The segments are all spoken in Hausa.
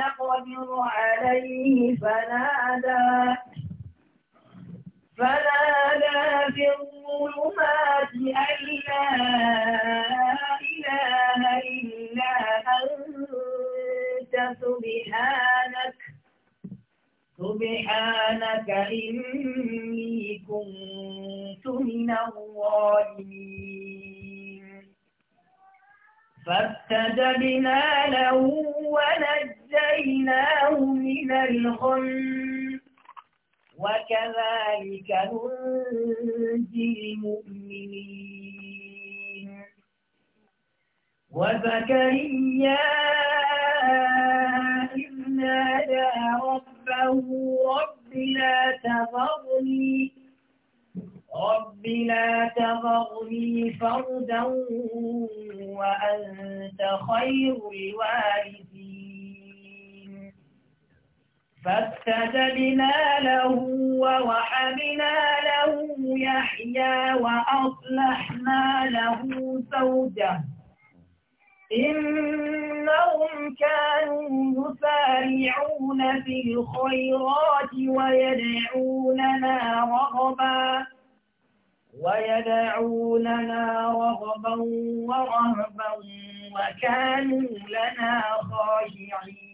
نقدر عليه فنادى فنادى في الظلمات أن لا إله إلا أنت سبحانك سبحانك إني كنت من الظالمين فاستجبنا له ونجينا ونجيناه من الغم وكذلك ننجي المؤمنين وزكريا إذ نادى ربه رب لا تذرني رب لا تذرني فردا وأنت خير الوارثين فاستجبنا له ووحبنا له يحيى وأصلحنا له زوجه إنهم كانوا يسارعون في الخيرات ويدعوننا رغبا ويدعوننا رغبا ورهبا وكانوا لنا خاشعين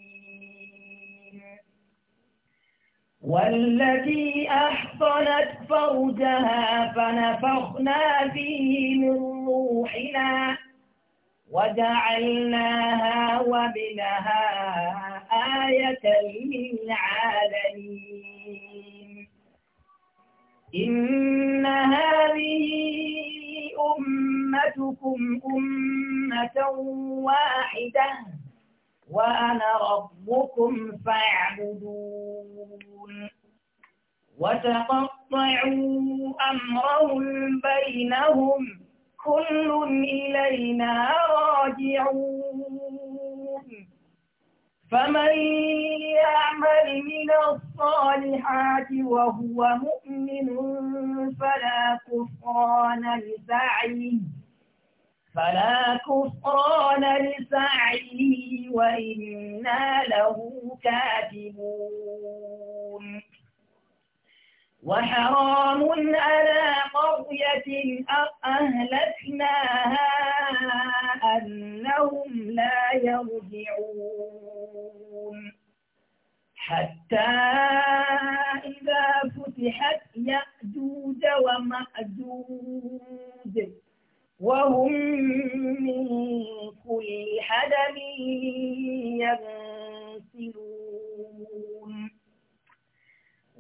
والتي أحصنت فرجها فنفخنا فيه من روحنا وجعلناها وابنها آية للعالمين إن هذه أمتكم أمة واحدة وأنا ربكم فاعبدون وتقطعوا أمرهم بينهم كل إلينا راجعون فمن يعمل من الصالحات وهو مؤمن فلا كفران لسعيه فلا كفران لسعيه وإنا له كاتبون وحرام على قرية أهلكناها أنهم لا يرجعون حتى إذا فتحت يأجوج ومأجوج وهم من كل حدب ينسلون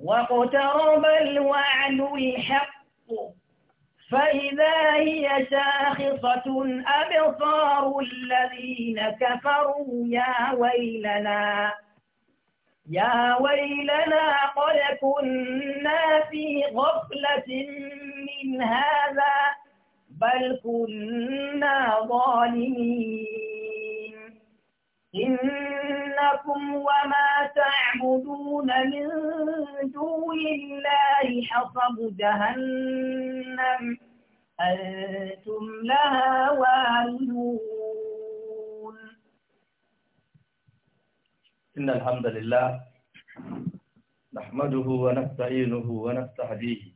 واقترب الوعد الحق فإذا هي شاخصة أبصار الذين كفروا يا ويلنا يا ويلنا قد كنا في غفلة من هذا بل كنا ظالمين إنكم وما تعبدون من دون الله حصب جهنم أنتم لها واردون إن الحمد لله نحمده ونستعينه ونستهديه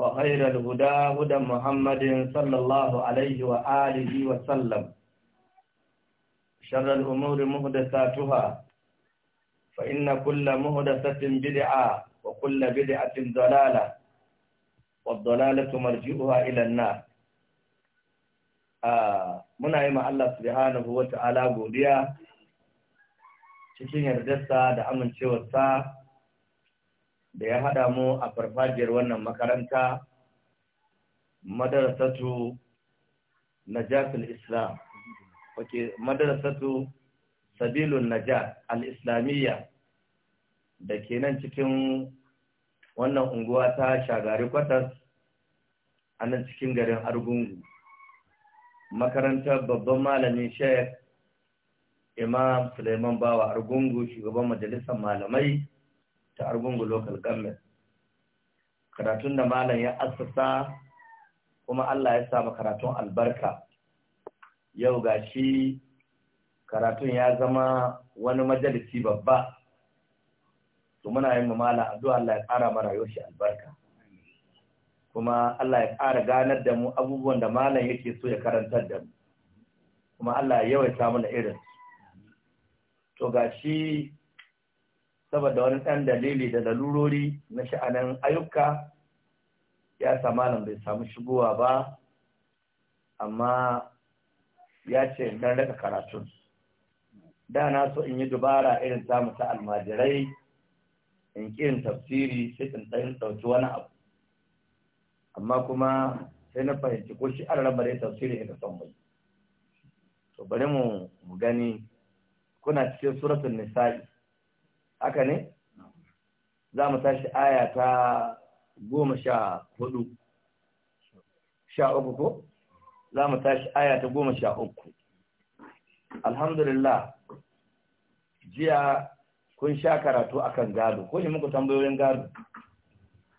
وخير الهدى هدى محمد صلى الله عليه وآله وسلم شر الأمور مهدساتها فإن كل مهدسة بدعة وكل بدعة ضلالة والضلالة مرجئها إلى النار muna yi ma Allah subhanahu wa ta'ala godiya cikin yardarsa da amincewarsa da ya haɗa mu a farfajiyar wannan makaranta madarasatu najat al-islam wake madarasatu sabilun najat al-islamiyya da ke nan cikin wannan unguwa ta shagari kwatas a nan cikin garin argungu makarantar babban malamin sheik imam suleiman bawa argungu shugaban majalisar malamai ta argungu local government karatun da malam ya assasa kuma Allah ya samu karatun albarka yau ga shi karatun ya zama wani majalisi babba to muna yin mamala addu'a Allah ya ƙara mara yau shi albarka kuma Allah ya ƙara ganar da mu abubuwan da malam yake so ya karantar da mu kuma Allah ya yawaita mana irin to gashi saboda wani ɗan dalili da lalurori na sha'anin ayyuka ya sa malam bai samu shigowa ba amma ya ce dan raka karatun da na so in yi dubara irin samu ta almajirai in kirin tafsiri sai in ɗan ɗauki wani abu amma kuma sai na fahimci ko shi an raba tafsiri ina son mai to bari mu gani kuna cikin suratun nisa'i haka ne za mu tashi aya ta goma sha hudu sha uku ko za mu tashi aya ta goma sha uku alhamdulillah jiya kun sha karatu akan gado ko shi muku tambayoyin gado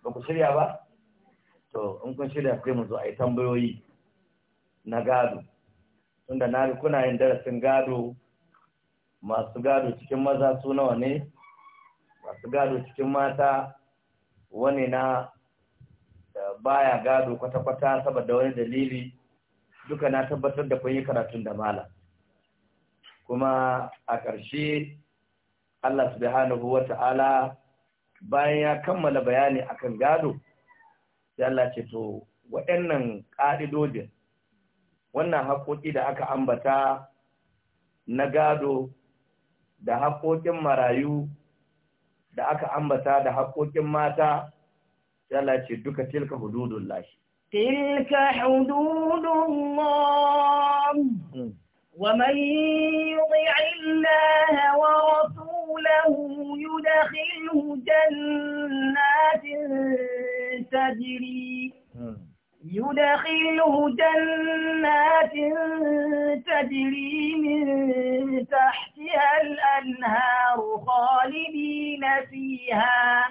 ba ku shirya ba to in kun shirya sai mu zo a yi tambayoyi na gado tunda na kuna yin darasin gado masu gado cikin maza su nawa ne masu gado cikin mata wani na baya gado kwata-kwata saboda wani dalili duka na tabbatar da kun yi karatun da mala kuma a ƙarshe Allah subhanahu wa ta'ala bayan ya kammala bayani akan gado sai Allah ce to waɗannan ƙa'idodin wannan haƙoƙi da aka ambata na gado da haƙoƙin marayu da aka ambata da haƙoƙin mata Allah ce duka tilka hududun lashi tilka hududun Allah hmm. wa man yuti'i Allah wa rasulahu yudkhilhu jannatin tajri hmm. يدخله جنات تجري من تحتها الأنهار خالدين فيها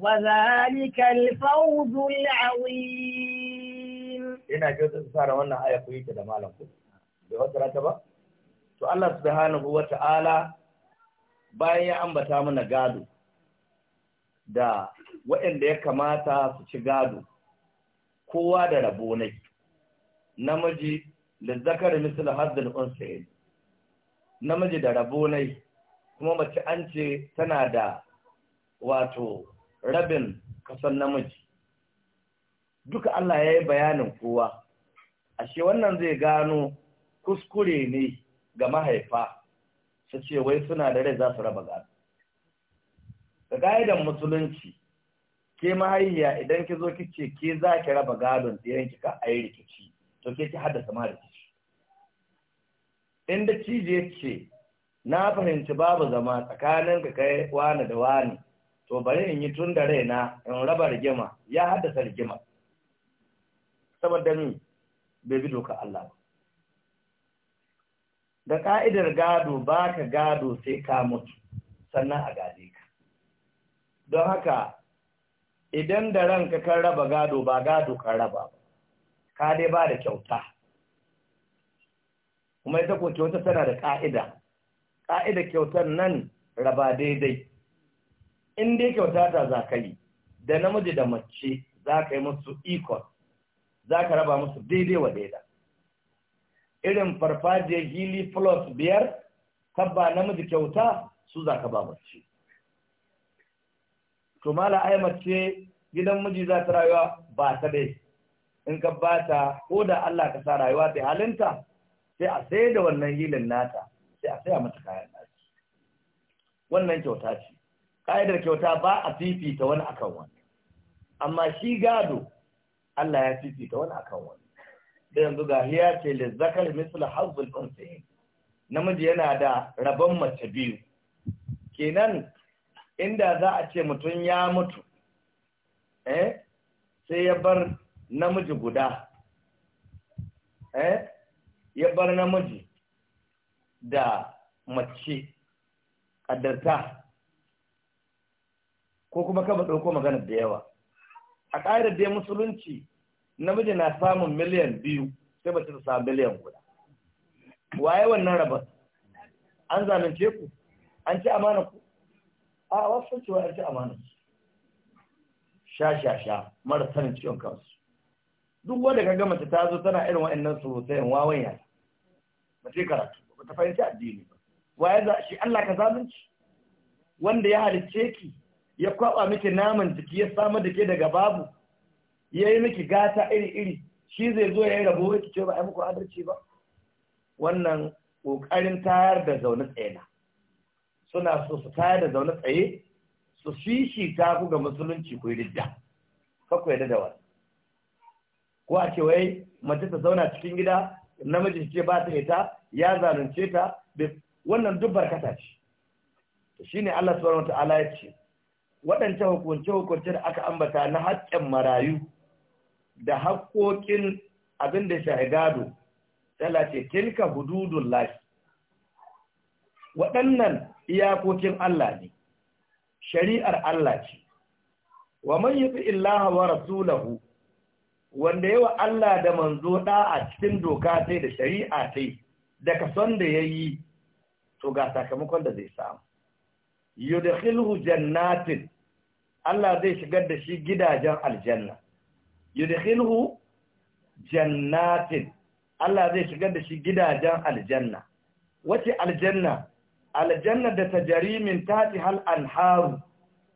وذلك الفوز العظيم ina kyautar tsara wannan aya ku ta da malam ku bai wata ta ba to ya ambata mana gado da waɗanda ya kamata su ci gado kowa da rabo nai namiji Zakar misal haddal unsayin namiji da rabo nai kuma mace an ce tana da wato rabin kasan namiji duka Allah ya yi bayanin kowa ashe wannan zai gano kuskure ne ga mahaifa su ce wai suna da rai za su raba gado da ga'idan musulunci ke mahaihiya idan ki zo ki ce ke za ki raba gadon ɗiyan ki ka ayi rikici to ke ki haddasa ma rikici in da cije ce na fahimci babu zama tsakanin ka kai wani da wani to bari in yi tun da raina in raba rigima ya haddasa rigima saboda ni bai bi doka Allah ba da ka'idar gado baka gado sai ka mutu sannan a gade ka don haka idan da ranka kan raba gado ba gado kan raba ba, ka dai ba da kyauta kuma ita ko kyauta tana da ƙa'ida, ka'ida kyautar nan raba daidai in dai kyauta ta za ka da namiji da mace za ka yi musu ikon za ka raba musu daidai wa daida irin farfajiyar gili plus biyar tabba namiji kyauta su za ka ba mace to mala aimar ce gidan miji za ta rayuwa ba ta dai in ka ba ta ko da Allah ka sa rayuwa ta halinta sai a sai da wannan hilin nata sai a saya mata kayan nata wannan kyauta ce ka'idar kyauta ba a fifita wani akan wani amma shi gado Allah ya fifita wani akan wani da yanzu ga hiya ce le zakar misal hazzul unsayin namiji yana da rabon mace biyu kenan inda za a ce mutum ya mutu eh sai ya bar namiji guda eh ya bar namiji da mace ƙaddarta ko kuma kama ɗauko magana da yawa a ƙa'idar dai musulunci namiji na samun miliyan biyu sai mace ta samu miliyan guda waye wannan rabar an zamince ku an ci amana ku a wasu cewa ya ci amana sha sha sha mara sanin ciwon kansu duk wanda ka gama ta zo tana irin wa'annan surutai wawan ya ba ce karatu ba ta fahimci addini ba waye za shi Allah ka zalunci wanda ya halicce ki ya kwaba miki naman jiki ya samar da ke daga babu ya yi miki gata iri-iri shi zai zo ya yi rabo ya ce ba a yi muku adalci ba wannan ƙoƙarin tayar da zaune tsena. suna so su kaya da zaune tsaye su shi ta ku ga musulunci ku yi ridda kakwa yadda da wani ko a ce wai mace ta zauna cikin gida namiji ce ba ta ita ya zalunce ta wannan duk barkata ce ne Allah subhanahu ta'ala ya ce waɗancan hukunce-hukunce da aka ambata na haƙƙin marayu da haƙƙoƙin abin da shahidado tana ce tilka hududun lafi waɗannan iyakokin Allah ne shari'ar Allah ce wa man yuti illaha wa rasulahu wanda yawa Allah da manzo a cikin doka sai da shari'a sai da kason da yayi to ga sakamakon da zai samu yudkhilhu jannatin Allah zai shigar da shi gidajen aljanna yudkhilhu jannatin Allah zai shigar da shi gidajen aljanna wace aljanna aljannar da ta jarimin tati hal anharu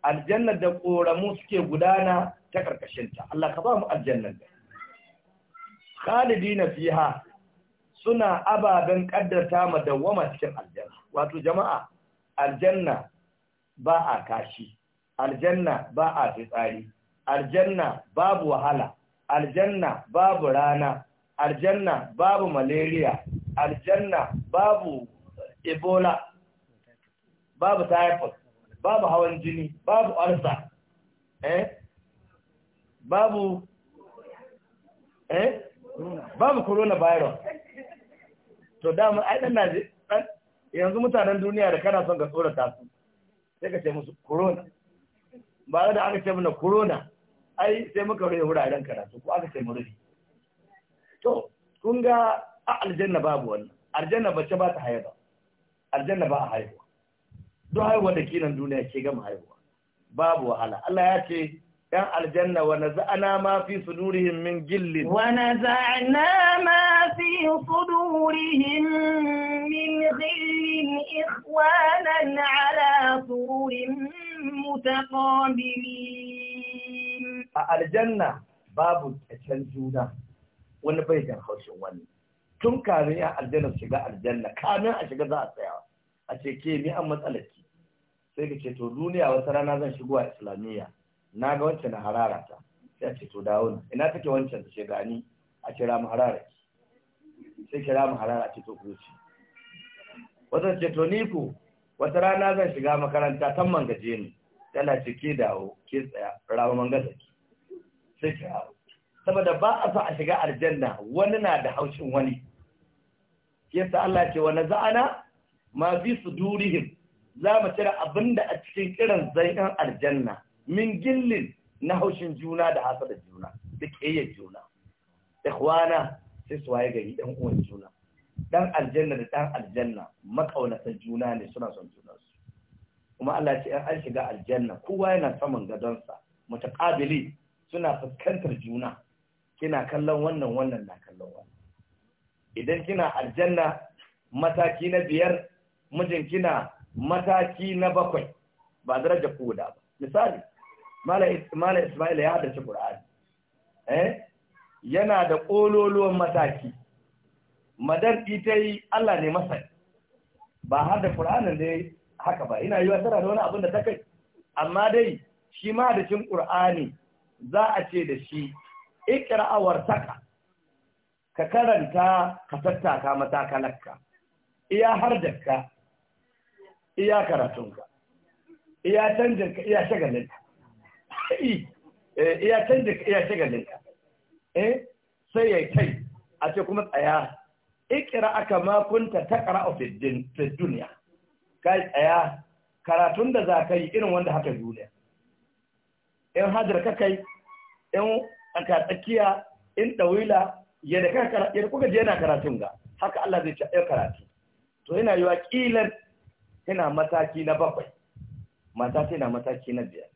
aljannar da ƙoramu suke gudana ta ƙarƙashinta Allah ka ba mu aljannar da khalidina fiha suna ababen ƙaddarta ma dawwama cikin aljanna wato jama'a aljanna ba a kashi aljanna ba a fitsari aljanna babu wahala aljanna babu rana aljanna babu malaria aljanna babu ebola babu typhoid babu hawan jini babu arsa eh babu eh babu coronavirus to dama ai dan naje yanzu mutanen duniya da kana son ka tsorata su sai ka ce musu corona ba da aka ce mana corona ai sai muka rufe wuraren karatu ko aka ce mu rufe to kun ga a aljanna babu wannan aljanna bace ba ta haihuwa aljanna ba a haihuwa duk haihuwar da kinan duniya ke gama haihuwa babu wahala Allah ya ce ‘yan aljanna wa naza'ana ma fi sudurihim min gillin wa naza'ana ma fi sudurihim min gillin ikhwanan ala sururin mutaqabilin a aljanna babu kacen juna wani bai jan haushin wani tun kamin ya aljanna shiga aljanna kamin a shiga za a tsaya a ce ke ni an matsalar sai ka ce to duniya wata rana zan shigo a islamiyya na ga wancan na harara ta sai ce to dawo na ina take wancan ta ce gani a kira mu harara ki sai kira mu harara ce to kuci wata ce to ni ku, wata rana zan shiga makaranta tan man gaje ni tana ce dawo ke tsaya rawa man gaje ki sai kira saboda ba a so a shiga aljanna wani na da haushin wani yasa Allah ce wa naza'ana ma fi sudurihim za mu cire abin da a cikin irin zai'in aljanna min gillin na haushin juna da hasa da juna da ƙeyar juna ikhwana sai su waye gari ɗan uwan juna ɗan aljanna da ɗan aljanna maƙaunatar juna ne suna son su kuma Allah ce ‘yan an shiga aljanna kowa yana saman gadonsa mutaƙabili suna fuskantar juna kina kallon wannan wannan na kallon wannan idan kina aljanna mataki na biyar mijin kina mataki na bakwai ba daraja koda ba misali mala ismaila ya haddace qur'ani eh yana da kololuwan mataki madan ita yi Allah ne masa ba har da qur'anin ne haka ba ina yi wasara da wani abin da ta kai amma dai shi ma da cin qur'ani za a ce da shi ikra'awar saka ka karanta ka tattaka matakalarka iya har da ka iya karatunka iya ka iya shagalinka eh, iya ka iya shagalinka eh sai ya kai a ce kuma tsaya ikira aka makunta ta ƙara'u fi duniya ka tsaya karatun da za ka yi irin wanda haka duniya in hajar ka kai in aka tsakiya in ɗawila yadda kuka je yana karatun ga haka Allah zai ce ɗaya karatu to yana yiwa ƙilar tana mataki na bakwai mata tana mataki na biyar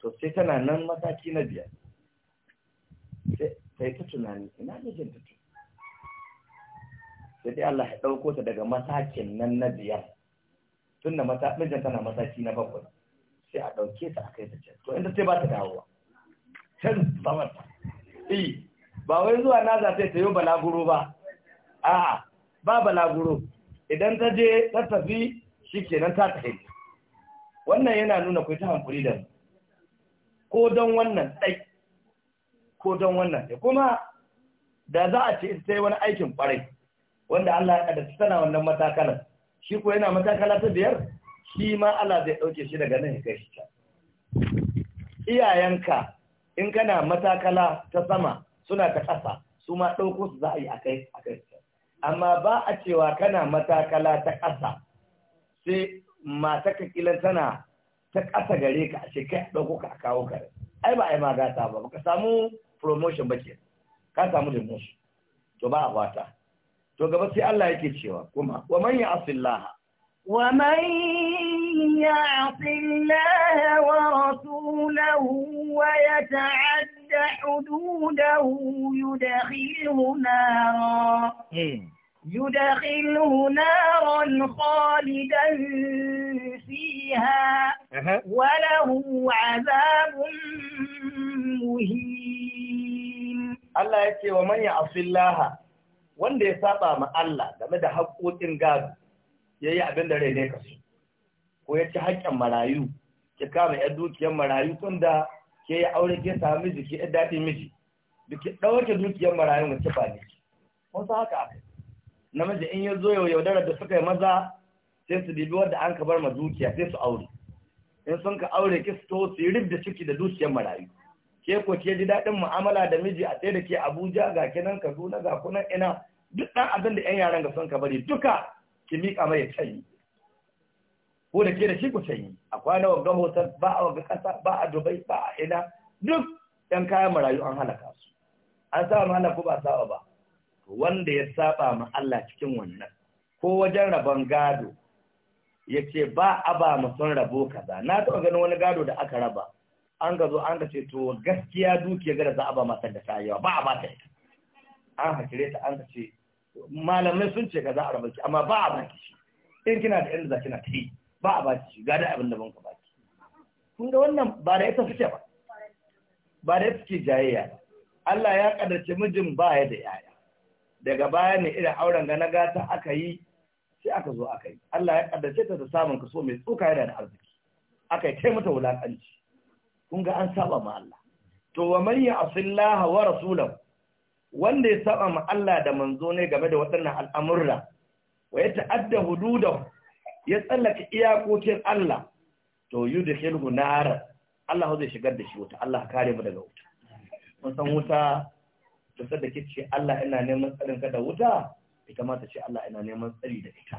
to sai tana nan mataki na biyar sai ta tunani ina mijin ta tu sai dai Allah ya ɗauko ta daga matakin nan na biyar tun da mijin tana mataki na bakwai sai a ɗauke ta a kai ta can to inda sai ba ta dawowa can samanta eh ba wai zuwa na za ta yi balaguro ba a'a ba balaguro idan ta je ta tafi shi kenan ta tafi wannan yana nuna kai ta hankuri da ko don wannan ɗai ko don wannan ya kuma da za a ce in ta yi wani aikin ƙwarai wanda Allah ya kada tana wannan matakalar shi ko yana matakala ta biyar shi ma Allah zai ɗauke shi daga nan ya kai shi can iyayenka in kana matakala ta sama suna ta ƙasa su ma ɗauko su za a yi a kai amma ba a cewa kana matakala ta ƙasa sai mata ka kila tana ta ƙasa gare ka a ce kai ɗauko ka a kawo kare. ai ba ai ma gata ba ka samu promotion ba ke ka samu demotion to ba a wata to gaba sai Allah yake cewa kuma wa man ya'sillaha wa man ya'sillaha wa rasulahu wa yata'adda hududahu yudkhilhu nara hmm. يدخله نارا خالدا فيها وله عذاب مهين الله يكي ومن يعصي الله wanda ya saba ma Allah game da haƙoƙin gado ya yi abin da rai ne ka so ko ya ci haƙƙin marayu ki kama ‘yan dukiyar marayu tun da ke yi aure ke sami miji ke daɗin miji da ki ɗauke dukiyar marayu mace ba ne wasu haka aka namiji in ya zo yau yaudarar da suka yi maza sai su bibi wadda an ka bar ma dukiya sai su aure in sun ka aure ki su to su yi da ciki da dukiyar marayu ke ko ke ji daɗin mu'amala da miji a tsaye da ke abuja ga kinan kaduna ga kuna ina duk ɗan abin da 'yan yaran ga sun ka bari duka ki miƙa mai yi. ko da ke da shi ku canyi a kwana wa ga ba a waga ƙasa ba a dubai ba a ina duk ɗan kayan marayu an halaka su an sa mahala ko ba sawa ba wanda ya saba ma Allah cikin wannan ko wajen rabon gado ya ce ba a ba mu sun rabo kaza na taɓa ganin wani gado da aka raba an ga zo an ga ce to gaskiya dukiya gada za a ba masa da ta yawa ba a ba ta ita an hakire ta an ka ce malamai sun ce kaza a raba ki amma ba a ba ki shi in kina da yanzu za kina ta yi ba a ba ki shi gada abin da banka ba ki kun ga wannan ba da ita fice ba ba da ita ke jayayya Allah ya kaddace mijin ba ya da yaya daga baya ne irin auren ga na gata aka yi sai aka zo aka yi Allah ya kaddace ta da samun kaso mai tsuka yana da arziki aka yi taimata wulakanci kun ga an saba ma Allah to wa man ya'sillaha wa rasulahu wanda ya saba ma Allah da manzo ne game da waɗannan al'amurra wa ya ta'adda hududahu ya tsallaka iyakokin Allah to yudkhilhu nar Allah zai shigar da shi wuta Allah kare mu daga wuta mun san wuta to sai da ke ce Allah ina neman tsarin ka da wuta ita ma ta ce Allah ina neman tsari da ita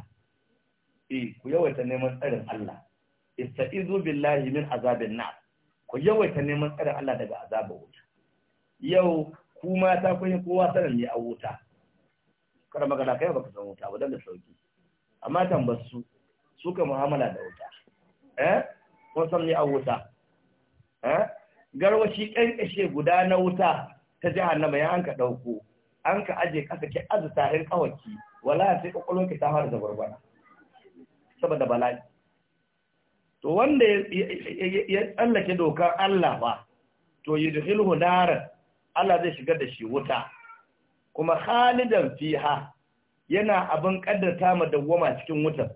eh ku yawaita neman tsarin Allah istaizu billahi min azabin na, ku yawaita neman tsarin Allah daga azabin wuta yau ku mata kun yi kowa sanin ne a wuta kada magana kai baka san wuta ba dan da sauki amma tambar su su ka mu'amala da wuta eh kun san ne a wuta eh garwashi ƙanƙashe guda na wuta ta jahannama ya an ka ɗauko an ka aje ƙasa ki azuta in ƙawaki wala sai ƙwaƙwalon ki ta fara da gwargwana saboda bala'i to wanda ya tsallake dokar Allah ba to yi duhilhu Allah zai shigar da shi wuta kuma khalidan fiha yana abin kaddata ma dawwama cikin wutar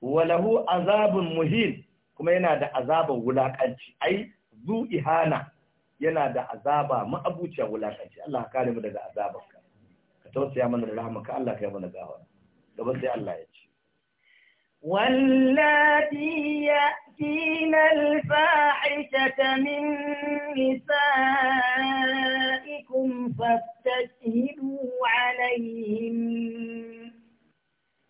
walahu azabun muhin kuma yana da azaban wulakanci ai zu ihana yana da azaba ma'abuciya wulaƙanci. Allah ka kare mu daga azabanka ka tausaya mana da ka, Allah ka yi mana gawa gaba sai Allah ya ce wallati ya'tina al-fahishata min nisa'ikum fastashhidu 'alayhim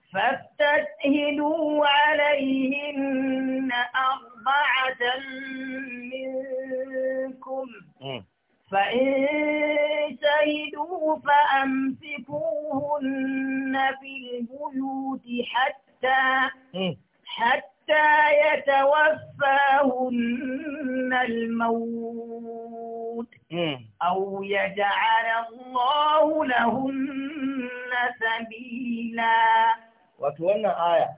فاستشهدوا عليهن أربعة فإن شهدوا فأمسكوهن في البيوت حتى حتى يتوفاهن الموت أو يجعل الله لهن سبيلا وتوانا آية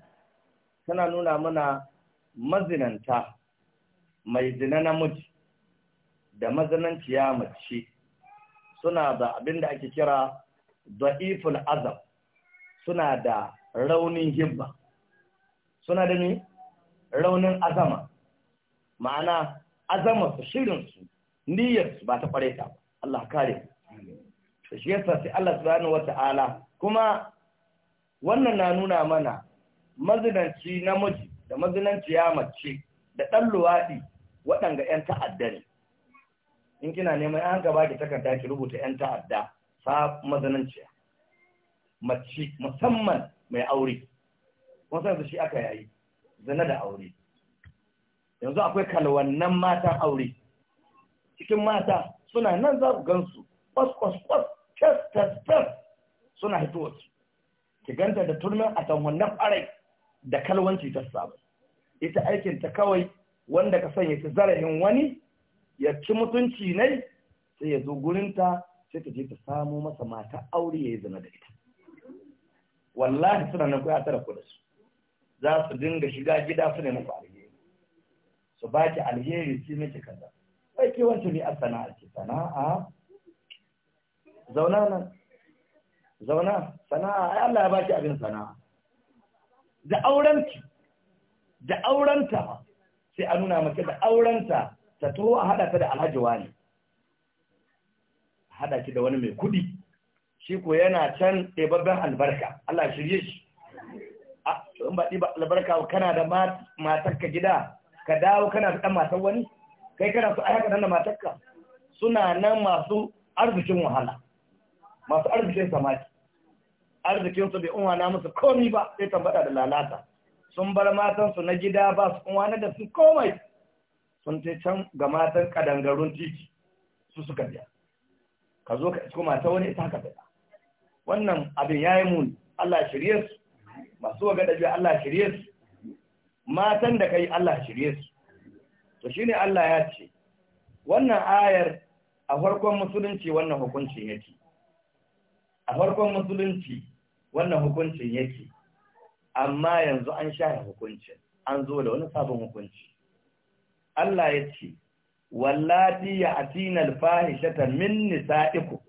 سنة نونا منا mazinanta mai zina namiji da mazananciya mace suna da abin da ake kira da'iful azab suna da raunin hibba suna da ne raunin azama ma'ana azama su shirinsu niyyarsu ba ta kware ta Allah kare ta shi yasa sai Allah subhanahu wata'ala kuma wannan na nuna mana mazinanci namiji da mazinanci ya mace da ɗan luwaɗi waɗanga 'yan ta'adda in kina neman an gaba ki takarda ki rubuta yan ta'adda sa mazananciya mace musamman mai aure kun san shi aka yayi zana da aure yanzu akwai kalwannan matan aure cikin mata suna nan za ku gansu kwas kwas kwas tas suna wasu ki ganta da turmin a tanwannan ɓarai da kalwanci ta sabu ita aikinta kawai wanda ka sanya ta zarafin wani ya ci mutunci ne sai ya zo gurinta sai ta je ta samo masa mata aure ya yi zama da ita wallahi suna nan kuya tara ku da su za su dinga shiga gida su ne muku alheri su ba ki alheri sai miki kaza sai ke wancan ne a sana'a ki sana'a zauna nan zauna sana'a ai Allah ya ki abin sana'a da ki da aurenta sai a nuna maka da aurenta ta a haɗa ta da alhaji wani haɗa ki da wani mai kuɗi shi ko yana can ɗebabben albarka Allah shirye shi in ba ɗiba albarka kana da ka gida ka dawo kana da ɗan matar wani kai kana su ayyaka nan da matarka suna nan masu arzikin wahala masu arzikin samaki arzikin su bai unwana musu komi ba sai tambada da lalata sun bar matansu na gida ba su unwana da su komai sun ta can ga matan kadangarun titi su suka biya ka zo ka isko mata wani ita haka biya wannan abin ya yi muni Allah shirye su masu waga ɗabi Allah shirye su matan da kai Allah shirye su to shine Allah ya ce wannan ayar a farkon musulunci wannan hukuncin yake a farkon musulunci wannan hukuncin yake amma yanzu an share hukuncin an zo da wani sabon hukunci Allah ya ce wallati ya atina alfahishata min nisa'iku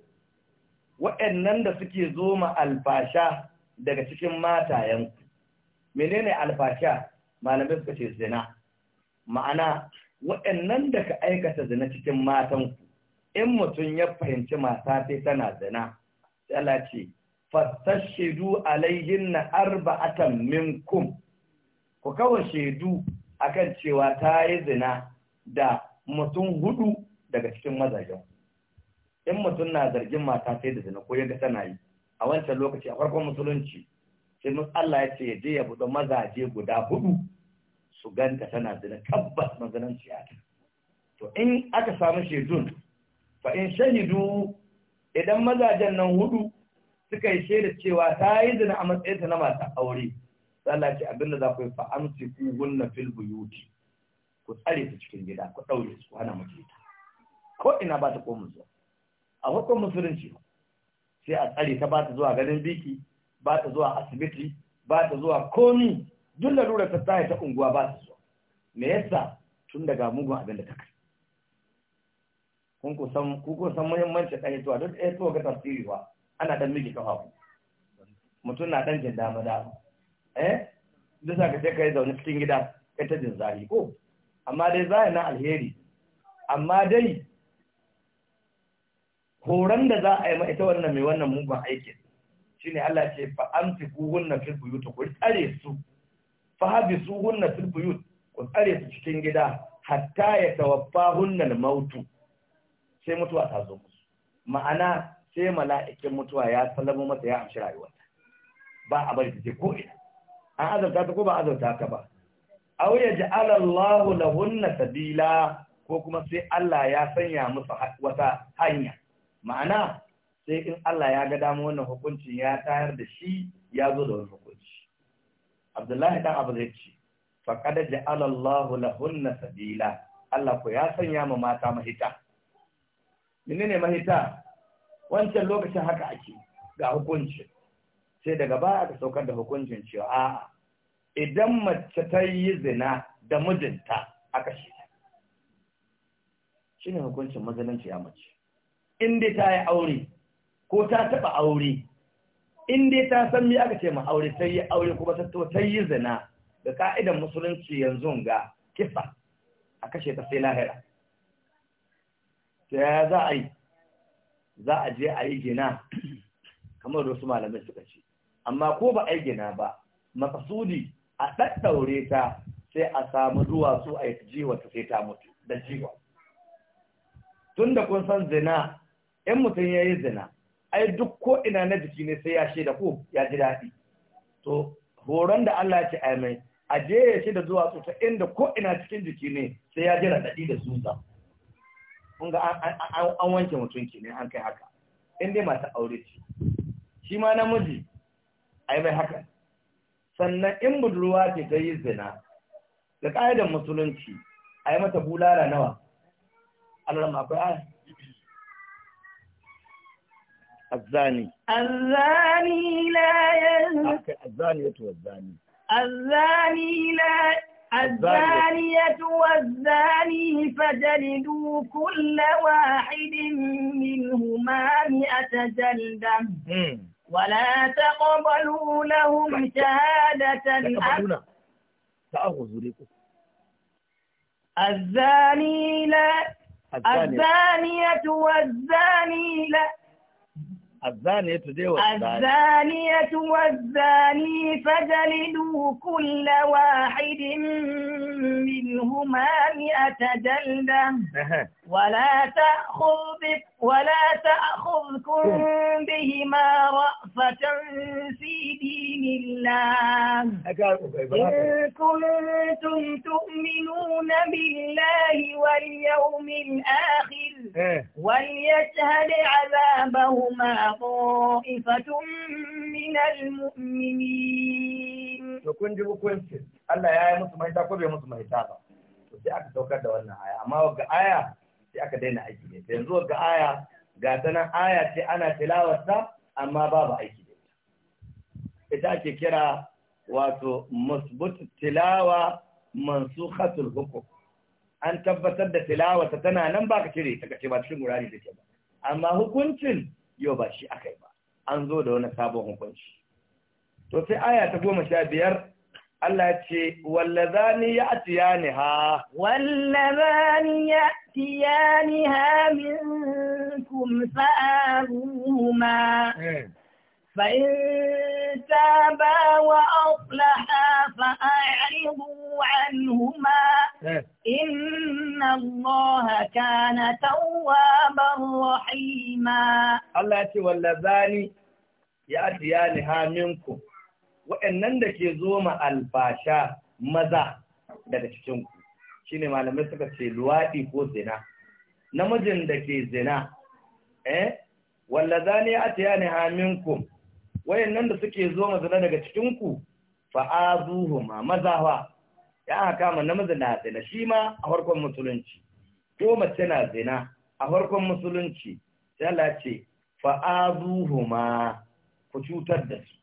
wa'annan da suke zo ma alfasha daga cikin matayenku menene alfasha malamai suka ce zina ma'ana wa'annan da ka aikata zina cikin matanku in mutum ya fahimci mata sai tana zina sai Allah ce fastashidu na arba'atan minkum ku kawo shaidu akan cewa ta yi zina da mutum hudu daga cikin mazajen in mutum na zargin mata sai da zina ko ya tana yi a wancan lokaci a farkon musulunci sai Allah ya ce ya je ya buɗe mazaje guda hudu su ganta tana zina tabbas maganin ya to in aka samu shaidun fa in shahidu idan mazajen nan hudu suka yi shaida cewa ta yi zina a matsayinta na mata aure Allah ce abinda za ku yi fa amsiku hunna fil buyuti ku tsare su cikin gida ku ɗauke su hana mace ta ko ina ba ta komun zuwa a hukun musulunci sai a tsare ta ba ta zuwa ganin biki ba ta zuwa asibiti ba ta zuwa komi duk lura ta tsaya ta unguwa ba ta zuwa me yasa tun daga mugun abin da ta kai kun ku san ku ku san muhimmancin duk ɗaya tsohon ga tafsiri ba ana ɗan miji kafa mutum na ɗan jin dama dama eh duk za ka je ka yi zaune cikin gida kai ta jin zafi ko amma dai za na alheri amma dai horon da za a yi ma ita wannan mai wannan mugun aikin shi ne Allah ce fa kuhun na fil ku tsare su fa hun na fil buyut ku tsare su cikin gida hatta ya tawaffa hun na mautu sai mutuwa ta zo musu ma'ana sai mala'ikin mutuwa ya sallama masa ya amshi rayuwarta ba a bari ta je ko an azurta ta ko ba azurta ka ba aw yaj'ala Allah lahunna sabila ko kuma sai Allah ya sanya musu wata hanya ma'ana sai in Allah ya ga dama wannan hukuncin ya tayar da shi ya zo da wani hukunci Abdullahi dan Abu Fakada ce faqad ja'ala Allahu lahunna sabila Allah ko ya sanya ma mata mahita menene mahita wancan lokacin haka ake ga hukunci sai daga baya aka saukar da hukuncin cewa a'a idan mace ta yi zina da mijinta a kashe ta shine hukuncin mazalanci ya mace in dai ta yi aure ko ta taba aure in dai ta san me aka ce ma aure ta yi aure kuma ta ta yi zina da ka'idan musulunci yanzu ga kisa a kashe ta sai lahira ta za a yi za a je a yi gina kamar wasu malamai suka ce amma ko ba a yi gina ba makasudi a ɗaɗɗaure ta sai a samu duwatsu a yi jiwa ta sai ta mutu da jiwa tun da kun san zina in mutum ya yi zina ai duk ko ina na jiki ne sai ya da ko ya ji daɗi to horon da Allah ce ai mai a je ya shaida zuwa su ta inda ko ina cikin jiki ne sai ya ji raɗaɗi da tsutsa kun ga an wanke mutum ne an kai haka in dai masu aure ce shi ma namiji ai mai haka sannan in budurwa ce ta yi zina da ƙa'idar musulunci a yi mata bulala nawa allama ku ya azzani azzani la yanzu azzani azzani la azzani azzani fajlidu kull wahidin minhumani atajaldam hmm. ولا تقبلوا لهم شهادة أبدا الزاني لا الزانية والزاني لا الزانية الزانية والزاني فجلدوا كل واحد منهما مئة جلدة ولا تأخذ ولا تأخذكم بهما رأفة في دين الله إن كنتم تؤمنون بالله واليوم الآخر إيه. وليشهد عذابهما طائفة من المؤمنين to kun ji hukuncin Allah ya yi musu mahita ko bai musu mahita ba to sai aka saukar da wannan aya amma ga aya sai aka daina aiki ne sai yanzu ga aya ga sanan aya ce ana tilawarta amma babu aiki ne ita ake kira wato musbut tilawa mansukhatul hukum an tabbatar da tilawata tana nan baka kire ta kace ba cikin gurari take ba amma hukuncin yau ba shi aka yi ba an zo da wani sabon hukunci to sai aya ta goma sha biyar Allah ce wallazani ni ha wallazani ya'tiyani ha minkum fa'aruhuma eh. fa in تابا وأصلحا فأعرضوا عنهما إن الله كان توابا رحيما الله يأتي واللذان يأتيانها منكم وإن عندك ke الباشا ma alfasha maza daga cikinku shine malamai suka ce luwaɗi ko zina namijin da ke zina eh walla zani atiyani haminkum wayannan da suke zo mazina daga cikin ku fa azuhuma mazawa ya aka ma namiji na zina shi ma a farkon musulunci ko mace na zina a farkon musulunci sai Allah ce fa azuhuma ku cutar da su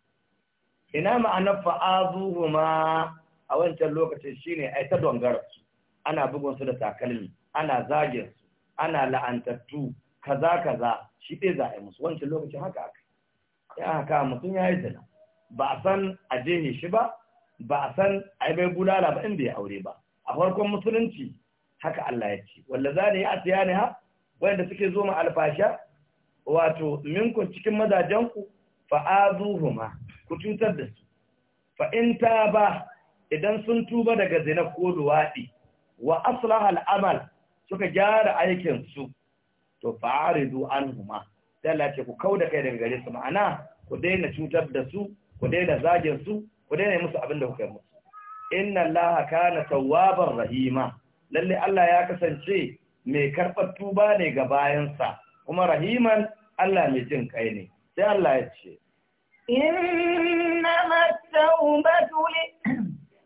ina ma'anar fa azuhuma a wancan lokacin shine ai ta dongara su ana bugun su da takalmi ana zagin su ana la'antattu kaza kaza shi dai za a yi musu wancan lokacin haka aka aka haka mutum ya yi zina ba a san a jehe shi ba ba a san a yi bai gudana ba in bai aure ba a farkon musulunci haka Allah ya ce Wanda za ne ya tsaya ne ha wanda suke zo ma alfasha wato minkun cikin mazajenku huma ku cutar da su fa ta ba idan sun tuba daga zina ko luwaɗi wa aslaha al'amal suka gyara aikin su to an, anhuma sai Allah ce ku kauda kai daga gare su ma'ana ku daina cutar da su ku daina zagin su ku daina musu abin da kuka yi musu inna Allah kana tawwaban rahima lalle Allah ya kasance mai karɓar tuba ne ga bayansa kuma rahiman Allah mai jin kai ne sai Allah ya ce Inna التوبة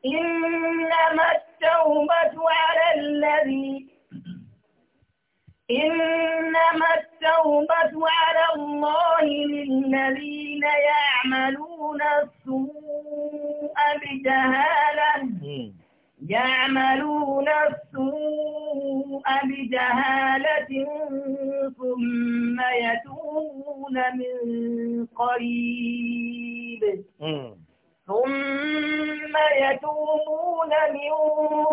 إنما إنما التوبة على الله للذين يعملون السوء بجهالة يعملون السوء بجهالة ثم يتوبون من قريب ثم يتوبون من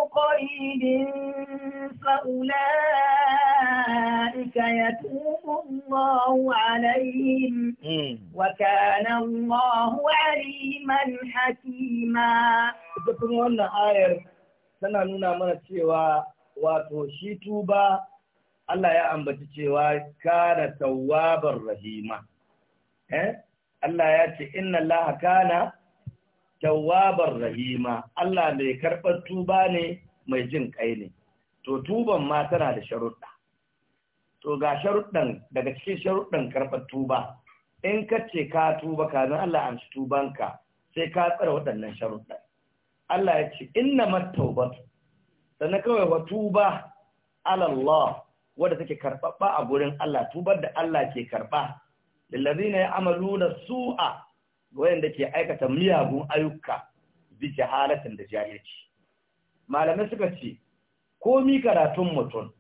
قريب فأولئك يتوب الله عليهم وكان الله عليما حكيما تكون wannan ayar tana nuna mana cewa wato Allah ya ambaci cewa kana tawwabar rahima eh Allah ya ce inna Allah kana tawwabar rahima Allah mai karɓar tuba ne mai jin kai ne to tuban ma tana da sharuɗa to ga sharuɗan daga cikin sharuɗan karɓar tuba in ka ce ka tuba kazan Allah an tubanka sai ka tsara waɗannan sharuɗan Allah ya ce inna mattaubatu sannan kawai wa tuba alallah wadda take karɓaɓɓa a gurin Allah tubar da Allah ke karɓa lillazina ya'maluna su'a wayanda ke aikata miyagun ayyuka bi jahalatin da jahilci malamai suka ce komi karatun mutum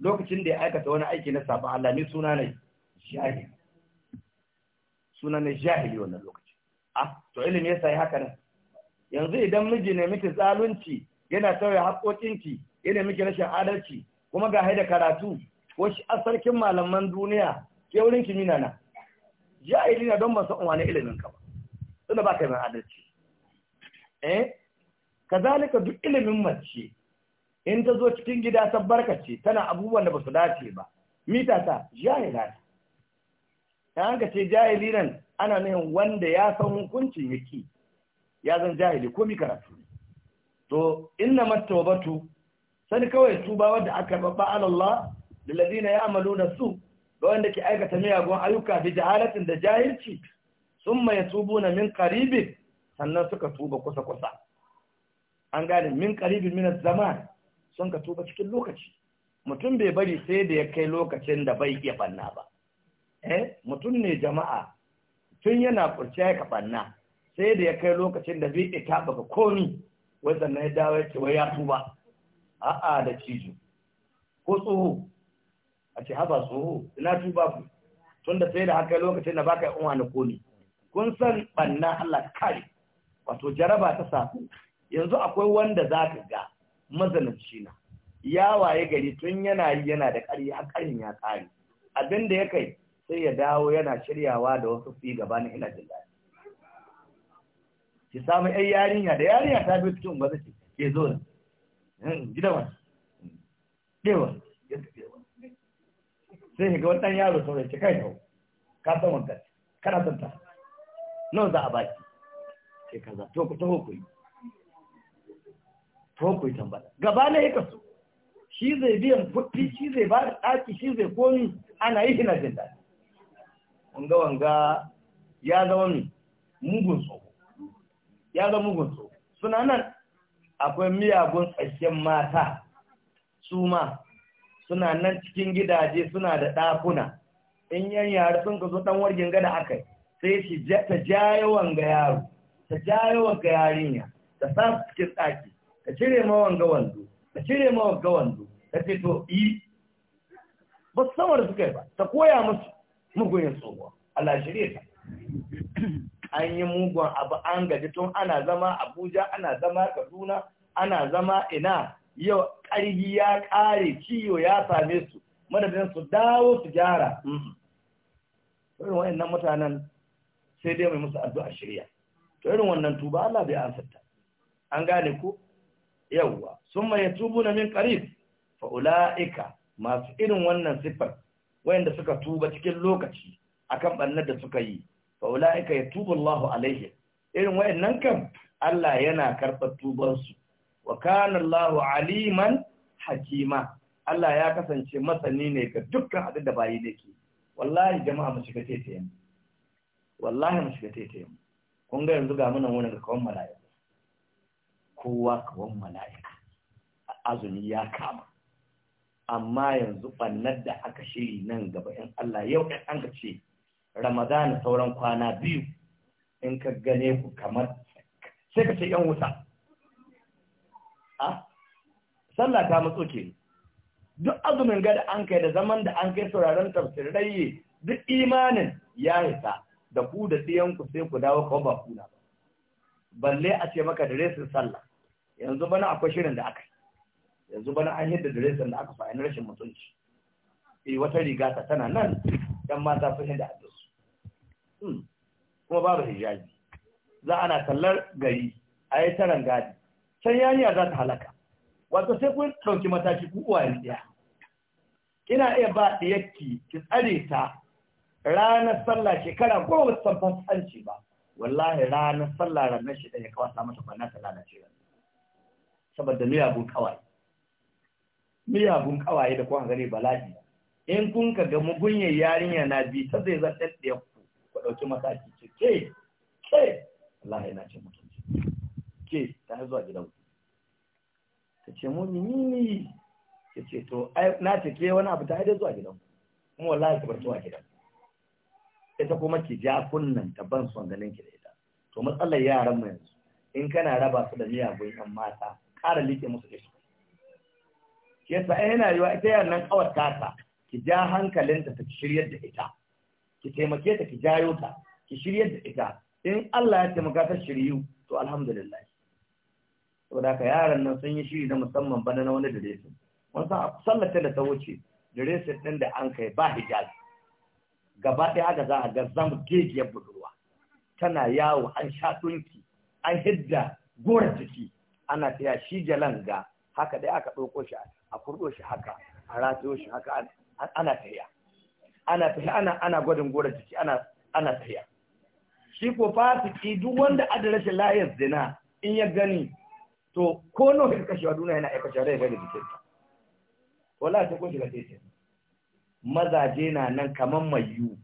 lokacin da ya aikata wani aiki na sabon Allah ne suna ne jahili suna ne jahili wannan lokaci ah to ilimi yasa yi haka nan yanzu idan miji ne miki zalunci yana sauya haƙoƙinki yana miki rashin adalci kuma ga haida karatu ko shi asarkin malaman duniya ke wurin kimina na jahili na don masu wani ilimin ka ba tunda ba ka yi adalci eh kazalika duk ilimin mace in ta zo cikin gida ta barkace tana abubuwan da ba su dace ba mita ta jahila ta hanka ce jahili nan ana nuhin wanda ya san hukuncin yake ya zan jahili ko mi karatu to inna mattaubatu sani kawai tuba wadda aka babba Allah lillazina ya'maluna su wanda ke aikata miyagun ayyuka bi jahalatin da jahilci sun mai tubu na min karibin sannan suka tuba kusa-kusa an gane min karibin min zaman sun ka tuba cikin lokaci mutum bai bari sai da ya kai lokacin da bai iya banna ba eh mutum ne jama'a tun yana kurciya ya banna sai da ya kai lokacin da bai ita baka komi wai sannan ya dawo ya wai ya tuba a'a da cizo ko tsoho a ce haba ina tuba ku tun da sai da haka lokacin da baka yan wani koli kun san banna Allah kare wato jaraba ta safu yanzu akwai wanda za ka ga mazalunci na ya waye gari tun yana yi yana da ƙari har ƙarin ya ƙare abin da ya kai sai ya dawo yana shiryawa da wasu fi gabanin ina jin daɗi ki samu ƴan yarinya da yarinya ta bi cikin ba ce ke zo hmm, gidan wani hmm. ɗewa sai ga wani yalo yaro saurayi ce kai tau ka san wanka kana son ta nawa za a baki sai kaza to ku to ku yi taho ku yi tambaya gaba ne ya so shi zai biyan kuɗi shi zai ba da ɗaki shi zai komi ana yi na jin daɗi wanga wanga ya zama mi mugun tsoho ya zama mugun tsoho suna nan akwai miyagun tsakiyar mata su ma suna nan cikin gidaje suna da ɗakuna in yan yare sun ka zo ɗan wargin gada aka sai shi ta jayawan ga yaro ta jayawan ga yarinya ta sa su cikin ɗaki ta cire mawan ga wando ta cire mawan ga wando ta ce to yi ba su samar su yi ba ta koya musu mugun tsohuwa Allah shirye ta an yi mugun abu an gaji tun ana zama abuja ana zama kaduna ana zama ina yau ƙarfi ya ƙare ciwo ya same su madadin su dawo su gyara mm-hmm. irin waɗannan mutanen sai dai mai musu addu'a shirya to irin wannan tuba Allah bai ansarta an gane ku? yawwa sun mai tubu na min ƙarif fa'ula'ika masu irin wannan siffar wayanda suka tuba cikin lokaci akan ɓannar da suka yi fa'ula'ika ya tubu Allah alaihi irin wayannan kan Allah yana karɓar tubansu wa kana Allah aliman hakima Allah ya kasance masani ne ga dukkan abin da bayi dake wallahi jama'a mu shiga taitayen wallahi mu shiga taitayen kun ga yanzu ga muna wani ga kawan mala'ika kowa kawan mala'ika azumi ya kama amma yanzu bannar da aka shiri nan gaba in Allah yau ɗan an ka ce Ramadana sauran kwana biyu in ka gane ku kamar sai ka ce ‘yan wuta sallah ta matso ke duk azumin gada an kai da zaman da an kai sauraron tafsirai duk imanin ya isa da ku da ku sai ku dawo kawai ba kuna ba balle a ce maka diresin sallah yanzu bana akwai shirin da aka yanzu bana an hidda diresin da aka fa ainihin rashin mutunci eh wata riga ta tana nan dan mata sun hidda addu'a hmm. kuma babu hijabi za ana sallar gari a yi taran gadi can yaniya za ta halaka wato sai kun ɗauki mataki ku uwa ɗiya kina iya ba ɗiyakki ki tsare ta ranar sallah shekara ko ba san fansanci ba wallahi ranar sallah ranar shi ɗaya kawasa mata kwana ta ce saboda miyagun kawai miyagun kawai da kuma gani bala'i in kun ka ga mugunyar yarinya na bi ta zai zartar da ku ku ɗauki mataki ce ke ke wallahi na ce mutunci ke ta zuwa gidan ta ce ni, ta ce to na ce wani abu ta haida zuwa gidan kuma wallahi ki bar zuwa gidan ita kuma ki ja kunnan ta ban son ganin ki da ita to matsalar yaran mu yanzu in kana raba su da miyagun yan mata kara liƙe musu isu shi yasa ai yana yiwa ita yaran nan kawar ta, ki ja hankalinta ta shiryar da ita ki taimake ta ki jayo ta ki shiryar da ita in Allah ya taimaka ta shiryu to alhamdulillah saboda haka yaran nan sun yi shiri na musamman bana na wani diresin wani a sallata da ta wuce diresin ɗin da an kai ba hijabi gaba ɗaya aka za a ga zam gegiyar budurwa tana yawo an sha ɗunki an hidda gora jiki ana taya shi jalan ga haka dai aka ɗauko shi a kurɗo shi haka a ratayo shi haka ana taya ana taya ana ana gwadin gora jiki ana ana taya shi ko fasiki duk wanda adreshin layar zina in ya gani to ko nawa ka kashewa duniya yana aikata da ya da jikinsa Wala ta kun shiga tete mazaje na nan kaman mayu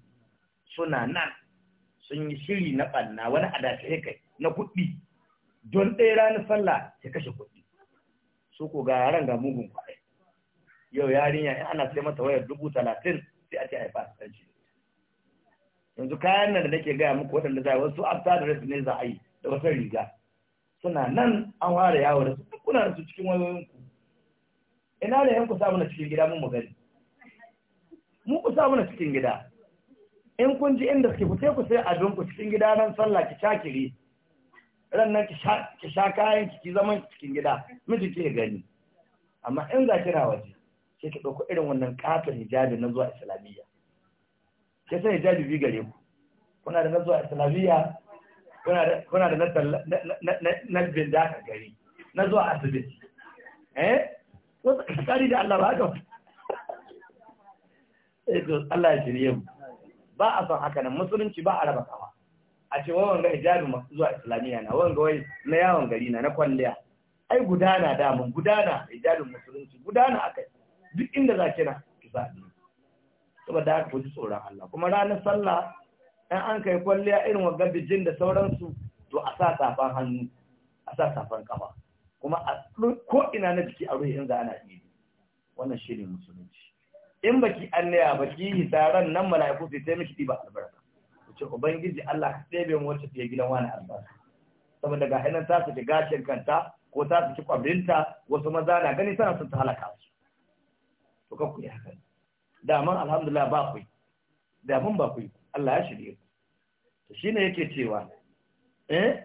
suna nan sun yi shiri na banna wani adashi kai na kuɗi don ɗaya ranar sallah ya kashe kuɗi su ko ga yaran ga mugun kwaɗai yau yarinya in ana sai mata wayar dubu talatin sai a ce a yi fasikanci yanzu kayan nan da nake gaya muku waɗanda za wasu abta da rasu ne za a yi da wata riga suna nan an ware yawo da su kuna da su cikin wayoyinku ina da yanku samu na cikin gida mun mu gani mu ku samu na cikin gida in kun ji inda suke fite ku sai abin ku cikin gida nan sallah ki cakiri. ran nan ki sha kayan ki zaman cikin gida miji ke gani amma in za kina waje sai ki ɗauko irin wannan katon hijabi na zuwa islamiyya ke sai hijabi bi gare ku kuna da na zuwa islamiyya kuna da na aka gari na zuwa asibiti eh wasu kari da Allah ba haka eto eh, Allah ya shirye mu ba a son haka nan musulunci ba a raba kawa a ce wawan ga hijabi masu zuwa islamiyya na wawan ga wai na yawon gari na na kwalliya ai gudana damun gudana hijabin musulunci gudana akai duk inda za kina ki sa saboda haka ku ji tsoron Allah kuma ranar sallah in an kai kwalliya irin wa bijin da sauransu to a sa safan hannu a sa safan kafa kuma a ko ina na jiki a ruhi in za ana iya wannan shirin musulunci in baki annaya baki yi nan mala'iku sai sai miki ba albarka ce ubangiji Allah ka tsebe mu wacce fiye gidan wani albarka saboda ga hainan ta su ci gashin kanta ko ta su ci kwabrinta wasu maza na gani tana sun ta halaka su to ka ku yi haka mun alhamdulillah ba ku Da mun ba ku yi Allah ya shirye ku shine yake cewa eh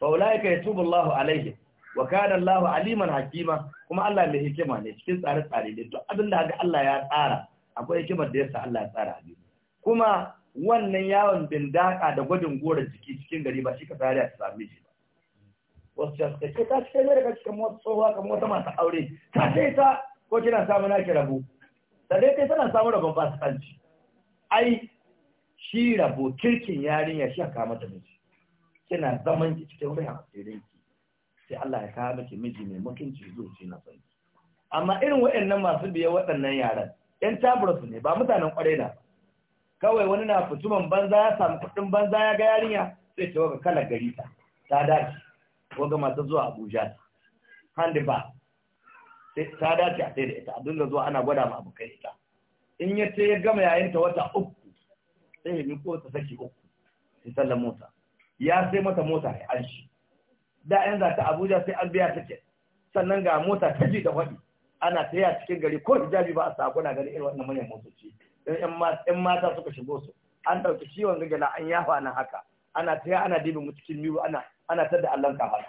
fa ulaika yatubu Allah alaihim wa kana Allah aliman hakima kuma Allah mai hikima ne cikin tsare-tsare ne duk abin da haka Allah ya tsara akwai hikimar da yasa Allah ya tsara abin kuma wannan yawon bindaka da gwajin gora jiki cikin gari ba shi ka tsare ta sami shi ba wasu ta suka ce ta ce ne daga cikin tsohuwa kamar wata masu aure ta ce ta ko kina samu naki rabu ta dai kai tana samu rabon fasikanci ai shi rabo kirkin yarinya shi aka mata miji kina zaman ki cikin wurin asirin ki sai Allah ya kawo miki miji mai mutunci zuci na amma irin waɗannan masu biye waɗannan yaran ɗan tabura su ne ba mutanen kwarai da kawai wani na fituman banza ya samu kuɗin banza ya ga yarinya sai ta waka kala gari ta ta dace ga masu zuwa Abuja ba, sai ta dace a sai da ita a dinga zuwa ana gwada ma abokai ita in ya ce ya gama yayin ta wata uku sai ya miko ta saki uku sai sallan mota ya sai mata mota ya an shi da yan za ta abuja sai an biya ticket sannan ga mota ta ji da faɗi ana taya cikin gari ko hijabi ba a sa kuna gari irin wannan manyan motoci in mata suka shigo su an ɗauki ciwon gagala an yafa nan haka ana taya ana dibin mu cikin miyu ana ana tada allon kafa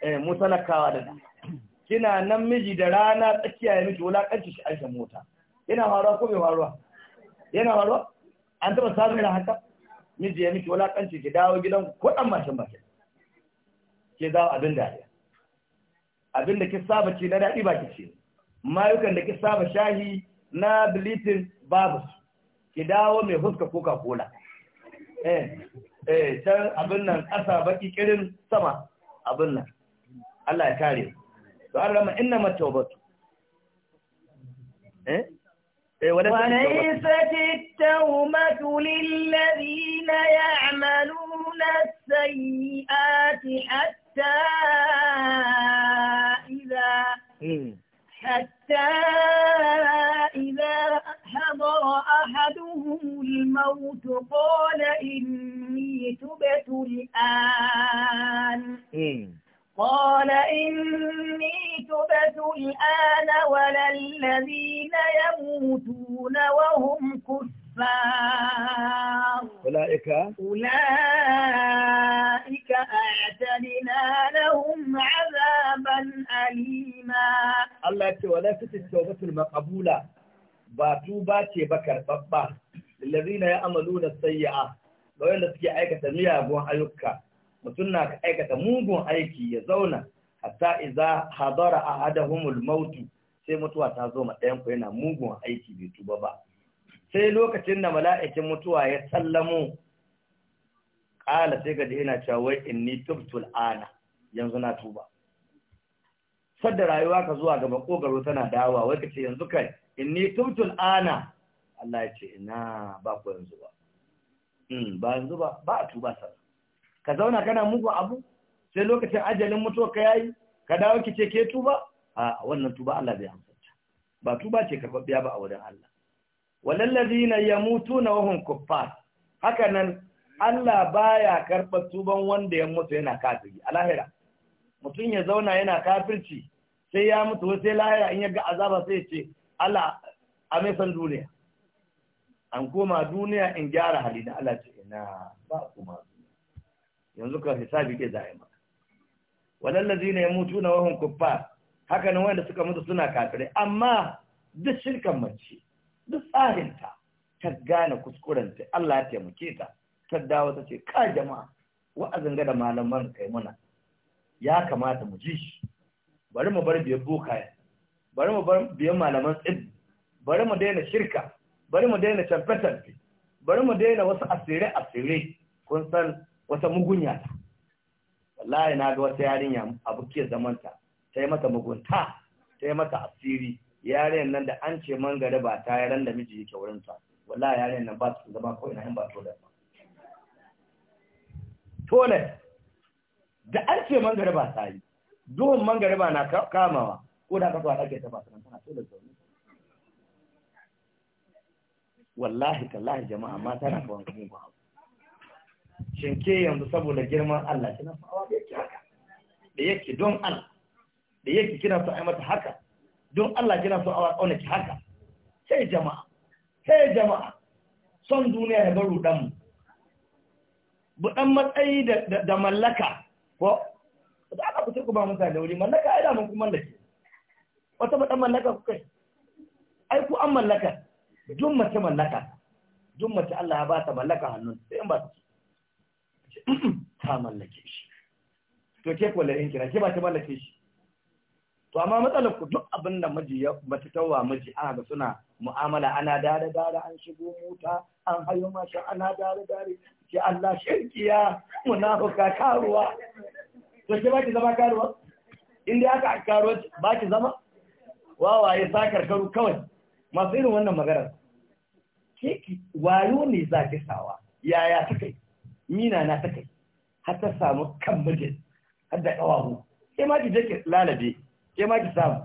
eh mu sanakawa da kina nan miji da rana tsakiya ya miki wulakanci shi aisha mota yana faruwa ko bai faruwa yana faruwa an taɓa samun irin haka miji ya miki wulakanci ki dawo gidan ko ɗan mashin ba ke ke dawo abin dariya abin da ki saba ci na daɗi ba ki ce mayukan da ki saba shahi na bilitin babu ki dawo mai huska coca cola eh eh can abin nan ƙasa baki kirin sama abin nan Allah ya kare to an rama inna matawbatu eh إيه، وليست التومة للذين يعملون السيئات حتى إذا حتى إذا حضر أحدهم الموت قال إني تبت الآن قال إني تبت الآن ولا الذين يموتون وهم كفار أولئك أولئك أعتدنا لهم عذابا أليما الله يكتب ولا التوبة المقبولة باتوبة بكر بابا الذين يعملون السيئة لو يلتقي أيكة مياه أيوكا mutum na aikata mugun aiki ya zauna hatta iza hadara a ahadahumul mautu sai mutuwa ta zo ma ɗayan ku yana mugun aiki bai tuba ba sai lokacin da mala'ikin mutuwa ya sallamo ƙala sai gaji yana cewa wai inni tubtul ana yanzu na tuba sadda rayuwa ka zuwa ga makogaro tana dawa wai kace yanzu kai inni tubtul ana Allah ya ce ina ba ku yanzu ba hmm, ba yanzu ba ba a tuba sai ka zauna kana mugu abu sai lokacin ajalin mutuwa ka yayi ka dawo ki ce ke tuba a wannan tuba Allah bai amsa ba tuba ce karɓaɓɓiya ba a wurin Allah ya yamutuna wa hum kuffar haka nan Allah baya karba tuban wanda ya mutu yana kafiri a lahira mutum ya zauna yana kafirci sai ya mutu sai lahira in ya ga azaba sai ya ce Allah a mai san duniya an koma duniya in gyara hali da Allah ce ina ba kuma yanzu ka hisabi ke za a yi maka walallazi ne ya mutu na wahun kuffa haka nan wanda suka mutu suna kafire. amma duk shirkan mace duk tsarinta ta gane kuskurenta Allah ya taimake ta ta dawo ta ce ka jama'a wa'azin ga da malaman kai muna ya kamata mu ji shi bari mu bar biyan bokaya bari mu bar biyan malaman tsibbi bari mu daina shirka bari mu daina canfe-canfe bari mu daina wasu asire-asire kun san wata mugunya ta wallahi na ga wata yarinya abokiyar zamanta ta yi mata mugunta ta yi mata asiri yaren nan da an ce man gari ba ta yaran da miji yake wurin ta wallahi yaren nan ba su zama ko ina in ba tole ba tole da an ce man gari ba ta yi duhun man gari ba na kamawa ko da ka a ake ta ba sanan tana tole zaune wallahi tallahi jama'a mata na kawai mugun ba shin ke yanzu saboda girman Allah kina fa'awa da yake haka da yake don Allah da yake kina so a mata haka don Allah kina so a kauna ki haka sai jama'a sai jama'a son duniya ya baro dan mu bu dan matsayi da da mallaka ko da aka fice ku ba mutane da wuri mallaka ai da mun kuma mallake wata ba dan mallaka ku kai ai ku an mallaka dun mace mallaka dun mace Allah ya ba ta mallaka hannun sai in ba ta ta mallake shi to ke kwallo yin kira ke ba ta mallake shi to amma matsalar ku duk abin da maji ya mace tawa maji ana ga suna mu'amala ana dare dare an shigo mota an hayo mashin ana dare dare ki Allah shirkiya munafuka karuwa to ke ba ki zama karuwa in aka karuwa ba ki zama wawaye sakar karu kawai masu irin wannan magana ke wayo ne za ki sawa yaya ta kai mina na ta kai har ta samu kan mijin har da ƙawahu sai ma ki je ki lalabe sai ma ki samu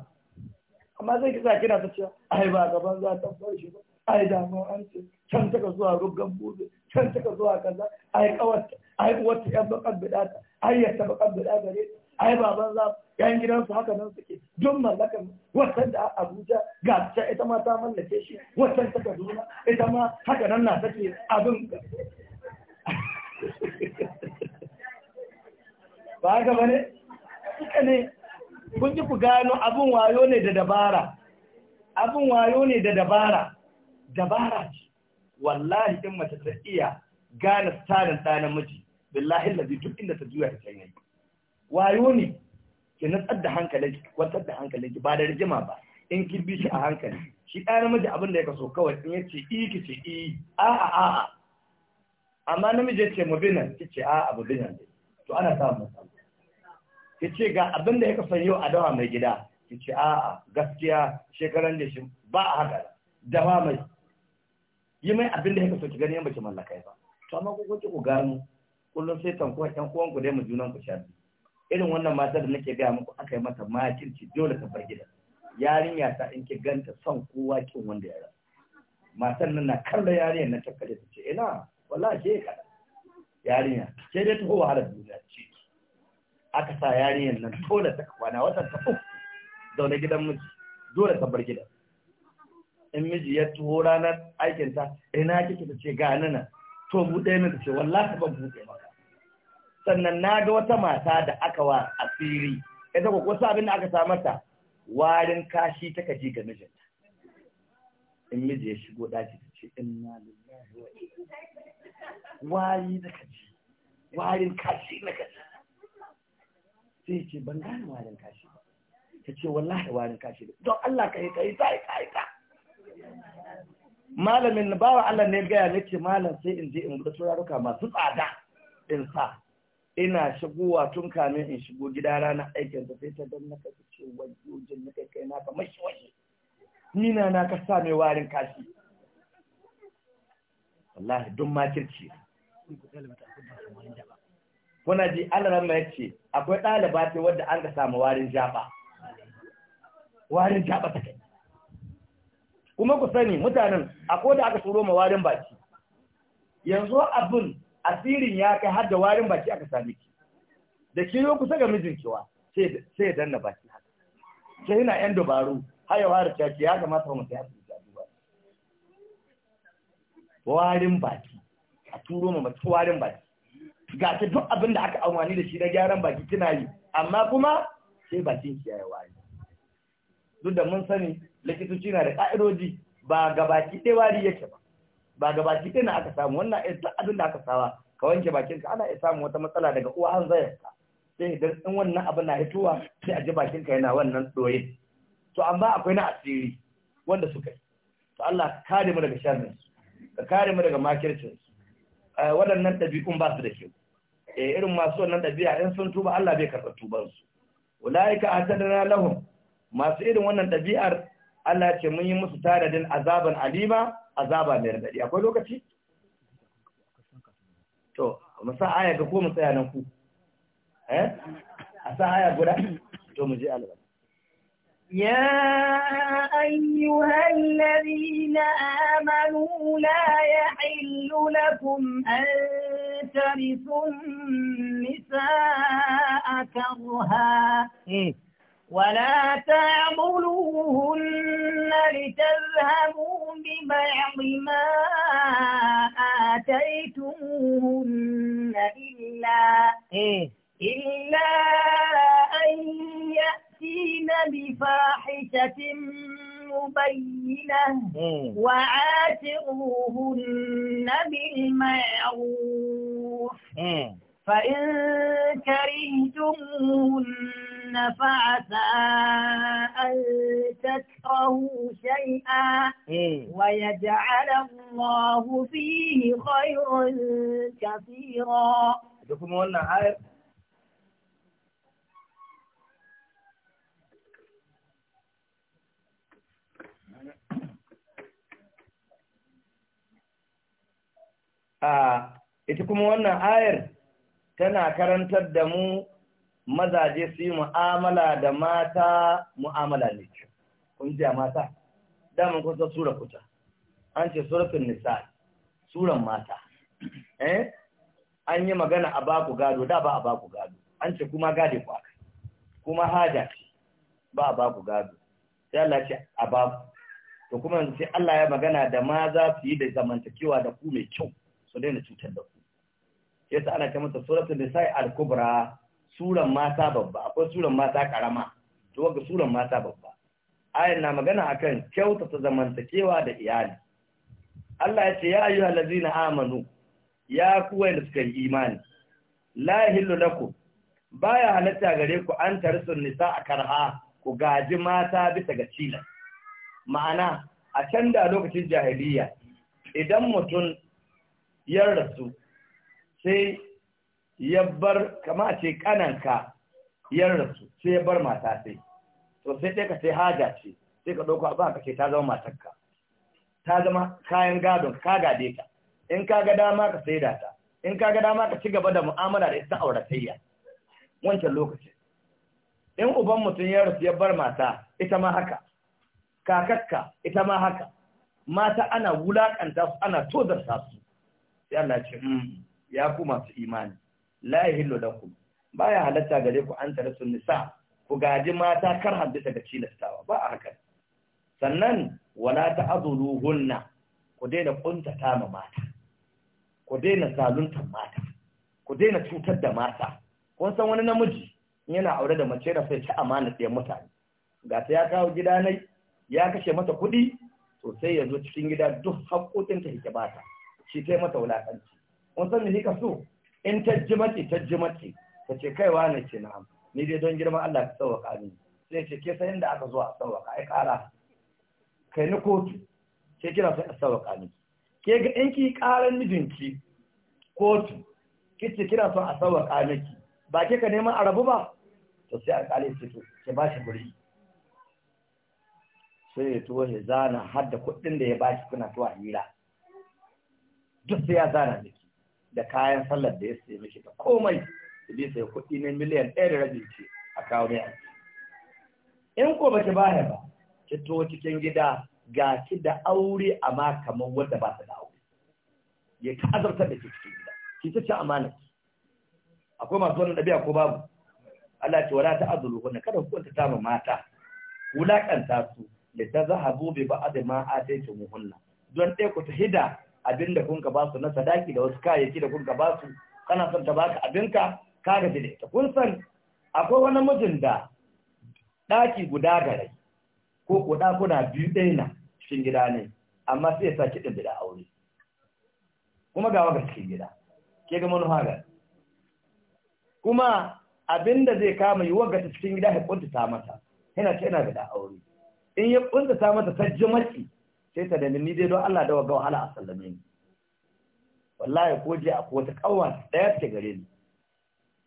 amma zai sa kina ta cewa ai ba gaban za ta bar shi ba ai dama an ce can ka zuwa ruggan buɗe can ka zuwa kaza ai kawarta ai uwarta yan bakan ta ai ya ta bakan bida gare ai baban za yan su haka nan suke don mallakar wannan da abuja ga ita ma ta mallake shi wannan ta zuwa ita ma haka nan na take abin ba haka ba ne suka ne kun ji ku gano abin wayo ne da dabara abin wayo ne da dabara dabara ce wallahi in mace ta iya gane tsarin ɗa namiji billahi lazi duk inda ta juya ta canya wayo ne ki nutsar da hankalinki kwantar da hankalinki ba da rijima ba in ki bi shi a hankali shi ɗa namiji abin da ya kaso kawai in ce i ki ce i A'a a'a. amma namiji ya ce mu binan ki ce a abu bi nan to ana samun matsala ki ga abin da ya kafa yau a dawa mai gida ki ce a gaskiya shekaran da shi ba a haka dawa mai yi mai abin da ya kafa ki gani yan bace mallakai ba to amma ko kuke ku gano kullum sai tankuwa ƴan ku dai mu junan ku sha irin wannan mata da nake gaya muku aka yi mata makirci dole ta bar gida yarinya ta in ki ganta son kowa kin wanda ya rasa matan nan na kalla yarinyar na takkale ta ce ina wallahi ke ka yarinya sai dai ta ho wahalar duniya ce aka sa yarinyar nan dole ta kwana watan ta uku zaune gidan miji dole ta bar gidan in miji ya tuho ranar aikinta ina kike ta ce ga nan to buɗe min ta ce wallahi ban buɗe maka sannan na ga wata mata da aka wa asiri ita ko wasu abin da aka sa mata warin kashi ta kaji ga mijinta in miji ya shigo ɗaki ce inna lillahi wa wari na kaji warin kashi na kaji sai ce ban gane warin kashi ba ta ce wallahi warin kashi ba don Allah ka yi ka yi ta yi ka yi ka malamin na bawa Allah ne gaya nake malam sai in je in ga turaruka masu tsada in sa ina shigowa tun kamin in shigo gida na aikin sai ta don na kaji ce wajen na kai kai na kamar mashi waje nina na ka sa mai warin kashi wallahi don makirci kuna ji alaran ya ce akwai ɗaliba ce wadda an ka samu warin jaba warin jaba ta kai kuma ku sani mutanen a ko da aka turo ma warin baki yanzu abin asirin ya kai har da warin baki aka sami ki da kiyo kusa ga kiwa sai ya danna baki haka sai yana yan dabaru har ya ta ce ya kamata mu sai warin baki a turo ma mace warin baki ga ta duk abin da aka amfani da shi na gyaran baki kina yi amma kuma sai bakin shi yayi wari duk da mun sani likitoci na da ka'idoji ba ga baki ɗaya wari yake ba ba ga baki ɗaya na aka samu wannan ɗaya duk abin da aka sawa ka wanke bakin ka ana iya samun wata matsala daga uwa an zaya ka sai idan in wannan abin na hitowa sai a ji bakin ka yana wannan doye to amma akwai na asiri wanda suka yi to Allah kare mu daga sharrin su ka kare mu daga makircin su eh, waɗannan ɗabi'un ba su da kyau eh irin masu wannan ɗabi'a in sun tuba Allah bai karɓa tuban su ulaika atadna lahum masu irin wannan ɗabi'ar Allah ce mun yi musu taradin azaban alima azaba mai radadi akwai lokaci to mu sa aya ga ko mu tsaya nan ku eh a sa aya guda to mu je alba يا أيها الذين آمنوا لا يحل لكم أن ترثوا النساء كرها إيه. ولا تعملوهن لتذهبوا ببعض ما آتيتموهن إلا إيه. إلا أن يأتوا يأتين بفاحشة مبينة وعاتروهن بالمعروف فإن كرهتموهن فعسى أن تكرهوا شيئا ويجعل الله فيه خيرا كثيرا. a ita kuma wannan ayar tana karantar da mu mazaje su yi mu'amala da mata mu'amala ne kyau kun ji mata mun kusa sura kuta an ce suratul nisa suran mata eh an yi magana a baku gado da ba a baku gado an ce kuma gade ku aka kuma haja ce ba a baku gado sai Allah ce a baku to kuma sai Allah ya magana da ma za su yi da zamantakewa da ku mai kyau su daina cutar da ku Ya ta ana kamata suratul nisa'i al-kubra suran mata babba akwai suran mata karama to ga suran mata babba ayan na magana akan kyautata zamantakewa da iyali Allah ya ce ya ayyuha allazina amanu ya ku da suka yi imani la yahillu lakum baya halatta gare ku an tarsun nisa karha ku gaji mata bisa ga cila ma'ana a can da lokacin jahiliya idan mutum ya rasu sai ya bar kama ce kananka ya rasu sai ya bar mata sai to sai ɗaya ka sai haja ce sai ka dauko ba ka ce ta zama matarka ta zama kayan gadon ka gade ta in ka ga dama ka sai ta in ka ga dama ka ci gaba da mu'amala da ita auratayya wancan lokacin in uban mutum ya rasu ya bar mata ita ma haka kakakka ita ma haka mata ana wulakanta su ana tozarta su sai Allah ce mm. ya ku masu imani la yahillu lakum baya halatta gare ku an tare sun nisa ku gaji mata kar haddisa ga cilastawa ba a haka sannan wala ta'dhuluhunna ku daina kuntata ma mata ku daina salunta mata ku daina cutar da mata kun san wani namiji yana aure da mace da sai ta amana da mutane ga ta ya kawo gida nai ya kashe mata kuɗi to sai ya zo cikin gida duk haƙoƙin ta yake shi kai mata wulaƙanci mun san me ka so in tajjimati tajjimati ta ce kaiwa ne ce na ni dai don girma Allah ka sauwaka ni sai ce ke san inda aka zo a sauwaka ai ƙara, kai ni kotu ke kira son a sauwaka ni ke ga in ki ƙaran mijinki kotu Ki ce kira son a sauwaka miki ba ke ka neman a rabu ba to sai alƙali ce to ke ba shi guri sai ya tuwo ya zana har da kuɗin da ya ba shi kuna tuwa hira duk sai ya zana miki da kayan sallar da ya sai miki da komai su bi sai kuɗi ne miliyan ɗaya da rabin ce a kawo mai aiki in ko baki baya ba ki to cikin gida ga ki da aure amma kamar wanda ba ta da aure ya ka azabtar da ke cikin gida ki ta ci amana akwai masu wannan ɗabi'a ko babu Allah ce wala ta azulu wannan kada ku kwanta ta mata Wulaƙanta su da ta zahabu bi ba'd ta muhunna don ɗaya ku ta hida abinda kun ka ba su na sadaki da wasu kayayyaki da kun ka ba su? kana son ta baka abinka ka gaji da ita kun san akwai wani mijin da daki guda garai ko ko ɗakuna biyu ɗaya na cikin gida ne amma sai ya sa kiɗin bida aure kuma ga waga cikin gida ke ga manufa ga kuma abinda zai kama yi waga cikin gida ya ta mata yana ce yana bida aure in ya ta mata ta ji sai ta dani ni dai don Allah da ga wahala a sallame ni wallahi ko je akwai wata kawwa daya take gare ni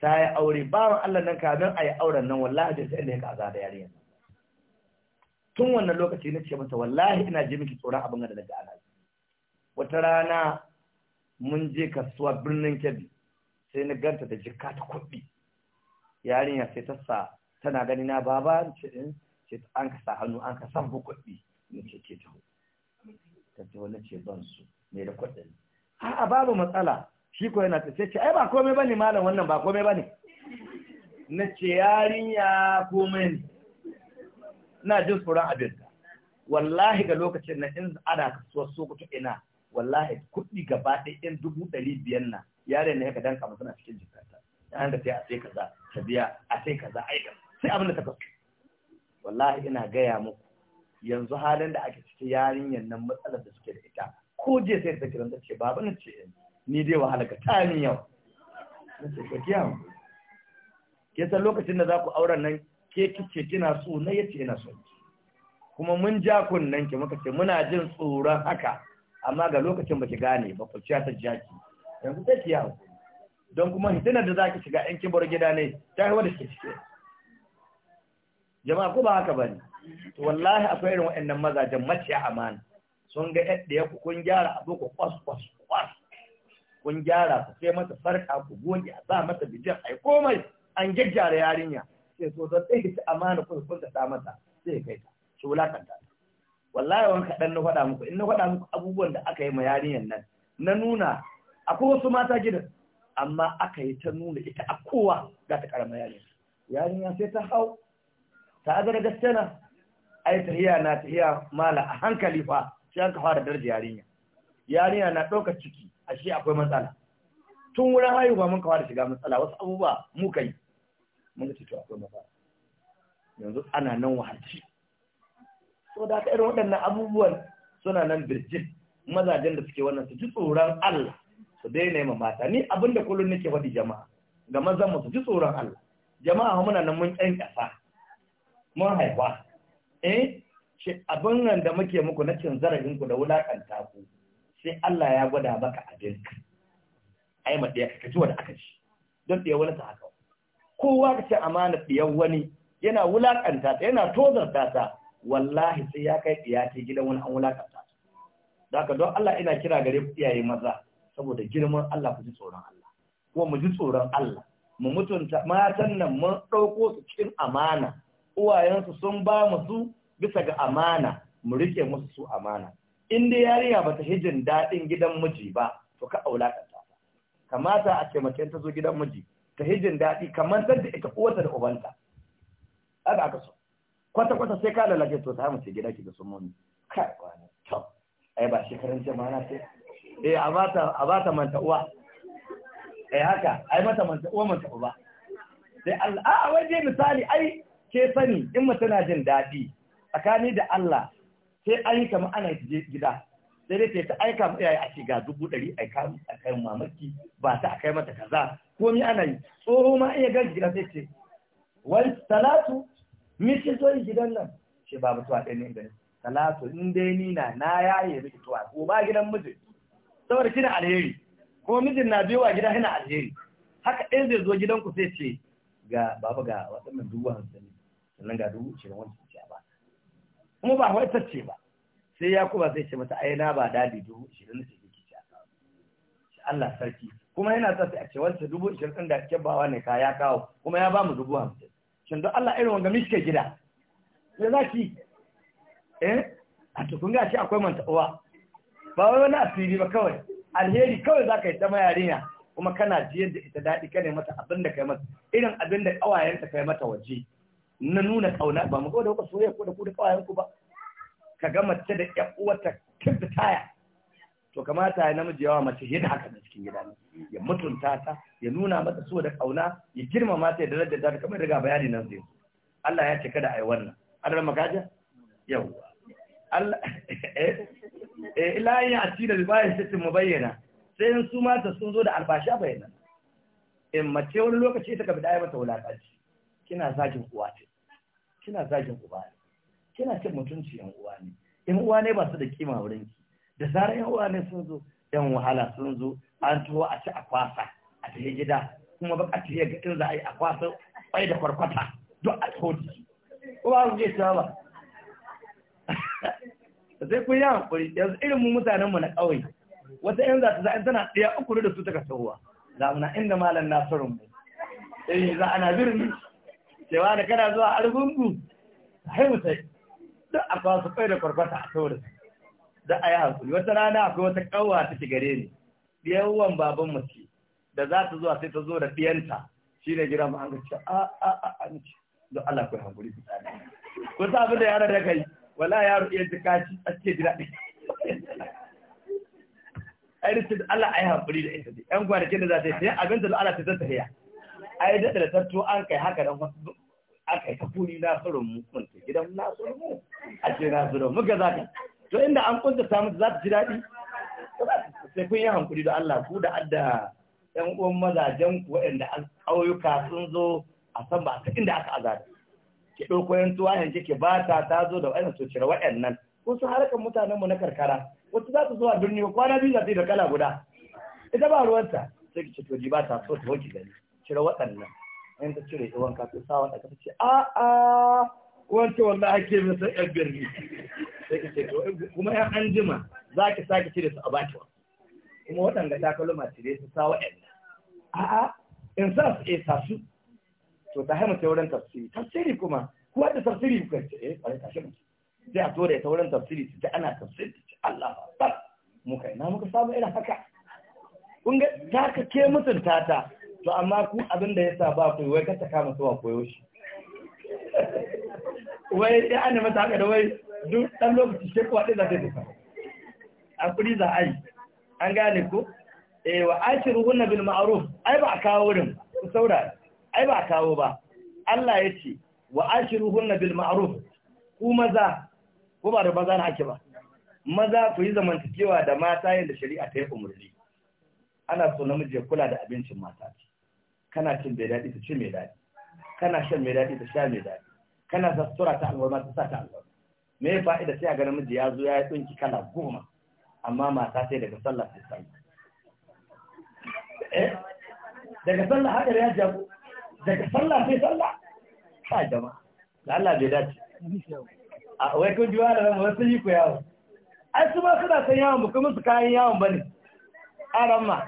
ta yi aure ba bawan Allah nan kamin a yi auren nan wallahi da sai ne ka kaza da yarinya tun wannan lokaci na ce mata wallahi ina ji miki tsoron abin da ala ana wata rana mun je kasuwa birnin Kebbi sai na ganta da jikka ta kuɗi yarinya sai ta sa tana gani na baba ce eh, an ka hannu an ka san kuɗi ce ke taho ta ce wani ce ban su ne da kwaɗin a'a babu matsala shi ko yana tafiye ce ai ba komai ba ne malam wannan ba komai ba ne?" na ce yarinya komai ne na jin tsoron abin wallahi ga lokacin na in ana kasuwar sokoto ina wallahi kuɗi gaba ɗaya in dubu ɗari biyar na yare ne ka danka suna a cikin jikata an da sai a sai kaza ta biya a sai kaza ai sai abin da ta kasu wallahi ina gaya muku yanzu halin da ake ciki yarinyar nan matsalar da suke da ita ko je sai ta kiran ta ce baba na ce ni dai wahala ka ta ni yau na ce ka kiyaye ke san lokacin da za ku auren nan ke kice kina so na yace ina so kuma mun ja kunnen ki muka ce muna jin tsoron haka amma ga lokacin baki gane ba ku ta jaki yanzu sai ki yawo don kuma hitinar da zaki shiga yan kibar gida ne ta yi wadda ke cike jama'a ko ba haka bane to wallahi akwai irin waɗannan mazajen maciya amana sun ga yadda ya ku kun gyara abu ku kwas kwas kwas kun gyara ku sai mata farka ku goge a sa mata bijin ai komai an gyaggyara yarinya sai so zan ɗaya ta amana ku kun ta mata sai kai ta su wulakanta wallahi wani kaɗan na faɗa muku in na faɗa muku abubuwan da aka yi ma yarinyar nan na nuna akwai wasu mata gidan amma aka yi ta nuna ita a kowa za ta karama yarinya yarinya sai ta hau ta agara gaskiya ai tahiya na tahiya mala a hankali fa sai an fara darje yarinya yarinya na ɗaukar ciki ashe akwai matsala tun wurin haihuwa mun kawar shiga matsala wasu abubuwa mu kai mun ci to akwai matsala yanzu ana nan wahalci so da ka irin waɗannan abubuwan suna nan birjin mazajen da suke wannan su ji tsoron Allah su daina yi mata ni abinda kullum nake faɗi jama'a ga mazan mu su ji tsoron Allah jama'a muna nan mun ƙyan ƙasa mun haifa eh Shi abin nan da muke muku na cin zarafin ku da wulakanta ku sai Allah ya gwada maka abin ka ai mu da ka ci wanda aka ci don ɗaya wani ta haka kowa ka ce amana ɗiyar wani yana wulakanta ta yana tozarta ta wallahi sai ya kai iya ta gidan wani an wulakanta ta da don Allah ina kira gare ku iyaye maza saboda girman Allah ku ji tsoron Allah ko mu ji tsoron Allah mu mutunta matan nan mun ɗauko su cikin amana uwayensu sun ba mu su bisa ga amana mu rike musu su amana in dai yariya bata hijin daɗin gidan miji ba to ka aula ka ta kamata a ce mace ta zo gidan miji ta hijin daɗi kamar da ita uwarta da ubanta haka aka so kwata kwata sai ka lalace to ta mace gida ki da sun muni kai wani to ai ba shekaran jama'a na sai eh a bata a bata manta uwa eh haka ai mata manta uwa manta uba sai Allah a waje misali ai ke sani in mutum na jin daɗi tsakani da Allah sai an yi kama ana gida sai dai ta aika ma iyaye a ce ga dubu ɗari a kai mamaki ba ta a kai mata kaza mi ana yi tsoho ma iya gan gida sai ce wani talatu ce zo yi gidan nan shi ba mutuwa ɗaya ne gani talatu in dai ni na na yaye miki tuwa ko ba gidan miji saboda kina alheri ko mijin na biyo a gida yana alheri haka ɗaya zai zo ku sai ce ga baba ga waɗannan dubu hamsin sannan ga dubu ce wanda ce ba kuma ba wai ce ba sai ya kuma zai ce mata ai na ba dadi dubu ishirin ce kike ci shi Allah sarki kuma yana sa sai a ce wancan dubu ishirin din da kike bawa ne ka ya kawo kuma ya ba mu dubu hamsin shin don Allah irin wanga miske gida me za ki eh a to kun ga shi akwai manta uwa ba wai wani asiri ba kawai alheri kawai za ka yi ta mayarinya kuma kana jiyar da ita daɗi kane mata abin da kai mata irin abin da ƙawayenta kai mata waje na nuna ƙauna ba mu da kuka soyayya ko da ku da kawayen ku ba ka ga mace da ƴan uwarta kirta taya to kamata ya namiji yawa mace yadda haka da cikin gida ya mutunta ta ya nuna mata so da ƙauna ya girmama ta ya darajar ta kamar daga bayani nan zai Allah ya ce kada a yi wannan an rama kaja yawwa Allah eh eh ila ya ci da bayan sai mu bayyana sai in su mata sun zo da albasha bayyana in mace wani lokaci ta ka da ayi mata wulakanci kina zagin uwa ce kina zagin uba ne kina cin mutunci yan uwa ne yan uwa ne ba su da kima wurin ki da zarar yan uwa ne sun zo yan wahala sun zo an tuwo a ci a kwasa a tafi gida kuma ba ka tafi ga za a yi a kwasa kwai da kwarkwata duk a tsoji ko ba su je ba sai kun yi hankuri yanzu irin mu mutanen mu na ƙauye wata yan za ta za'in tana ɗaya uku da su ta kasahuwa za mu na inda malam nasarun mu eh za ana birni cewa da kana zuwa argungu sai mu sai Da a kwasu kai da kwarkwata a saurin da a yi hankuli wata rana akwai wata kawwa ta ci gare ni biyawan baban mace da za ta zuwa sai ta zo da biyanta shi ne gira mu an ga ce a a a an don Allah kai hankuli ku tsada ko ta abin da yaran da kai wala yaro iya ji kaci a ce jira ɗin ai da Allah ai hankuli da ita ce Yan kwanakin da za ta yi sai abin da Allah ta zata haya. ai da da tattu an kai haka dan aka yi kafuri na surun mu kunta gidan na surun mu a ce na surun mu ga zaka to inda an kunta ta mu za ta ji daɗi sai kun yi hankuri da Allah ku da adda ƴan uwan mazajen ku waɗanda an kauyuka sun zo a san ba ta inda aka azada ke ɗauko yan tuwa yanzu ke ba ta ta zo da wannan to cire waɗannan su harkar mutanen mu na karkara Wata za su zo a birni kwana biyu za su yi da kala guda ita ba ruwanta sai ki ce to ji ba ta so ta hoki gani cire waɗannan in ta cire ta wanka ta sa wanda ka ce a a wanda wanda ake mai san yan birni sai ka ce kuma yan jima za ki sake cire su a baki kuma waɗanda takalma cire su sa waɗannan a a in sa su eh sa su to ta haimu ta wurin tafsiri tafsiri kuma ku da tafsiri ku ce eh kare kashe mu sai a tore ta wurin tafsiri ta ana tafsiri ta Allah ba muka na muka samu irin haka kun ga ta ka ke mutunta ta to amma ku abin da yasa ba ku wai kata kama su wa koyo shi wai da an mata haka da wai duk dan lokaci shi kuwa din za ta tafi a kuri za ai an gane ko eh wa ashiruhunna bil ma'ruf ai ba a kawo din ku saura ai ba a kawo ba Allah ya ce wa ashiruhunna bil ma'ruf ku maza ku ba da maza na ake ba maza ku yi zamantakewa da mata yadda shari'a ta yi umarni ana so namiji ya kula da abincin mata ce kana cin mai daɗi ta ci mai daɗi kana shan mai daɗi ta sha mai daɗi kana zastura ta alwarma ta sa ta alwarma me ya fa'ida sai a ga namiji ya zo ya yi tsinki kala goma amma mata sai daga sallah sai sallah eh daga sallah haɗar ya jago daga sallah sai sallah ka jama'a da Allah bai dace a wai kun ji da ba wasu yi ku yawo ai su ma suna san yawon ba kuma su kayan yawon ba ne aran ma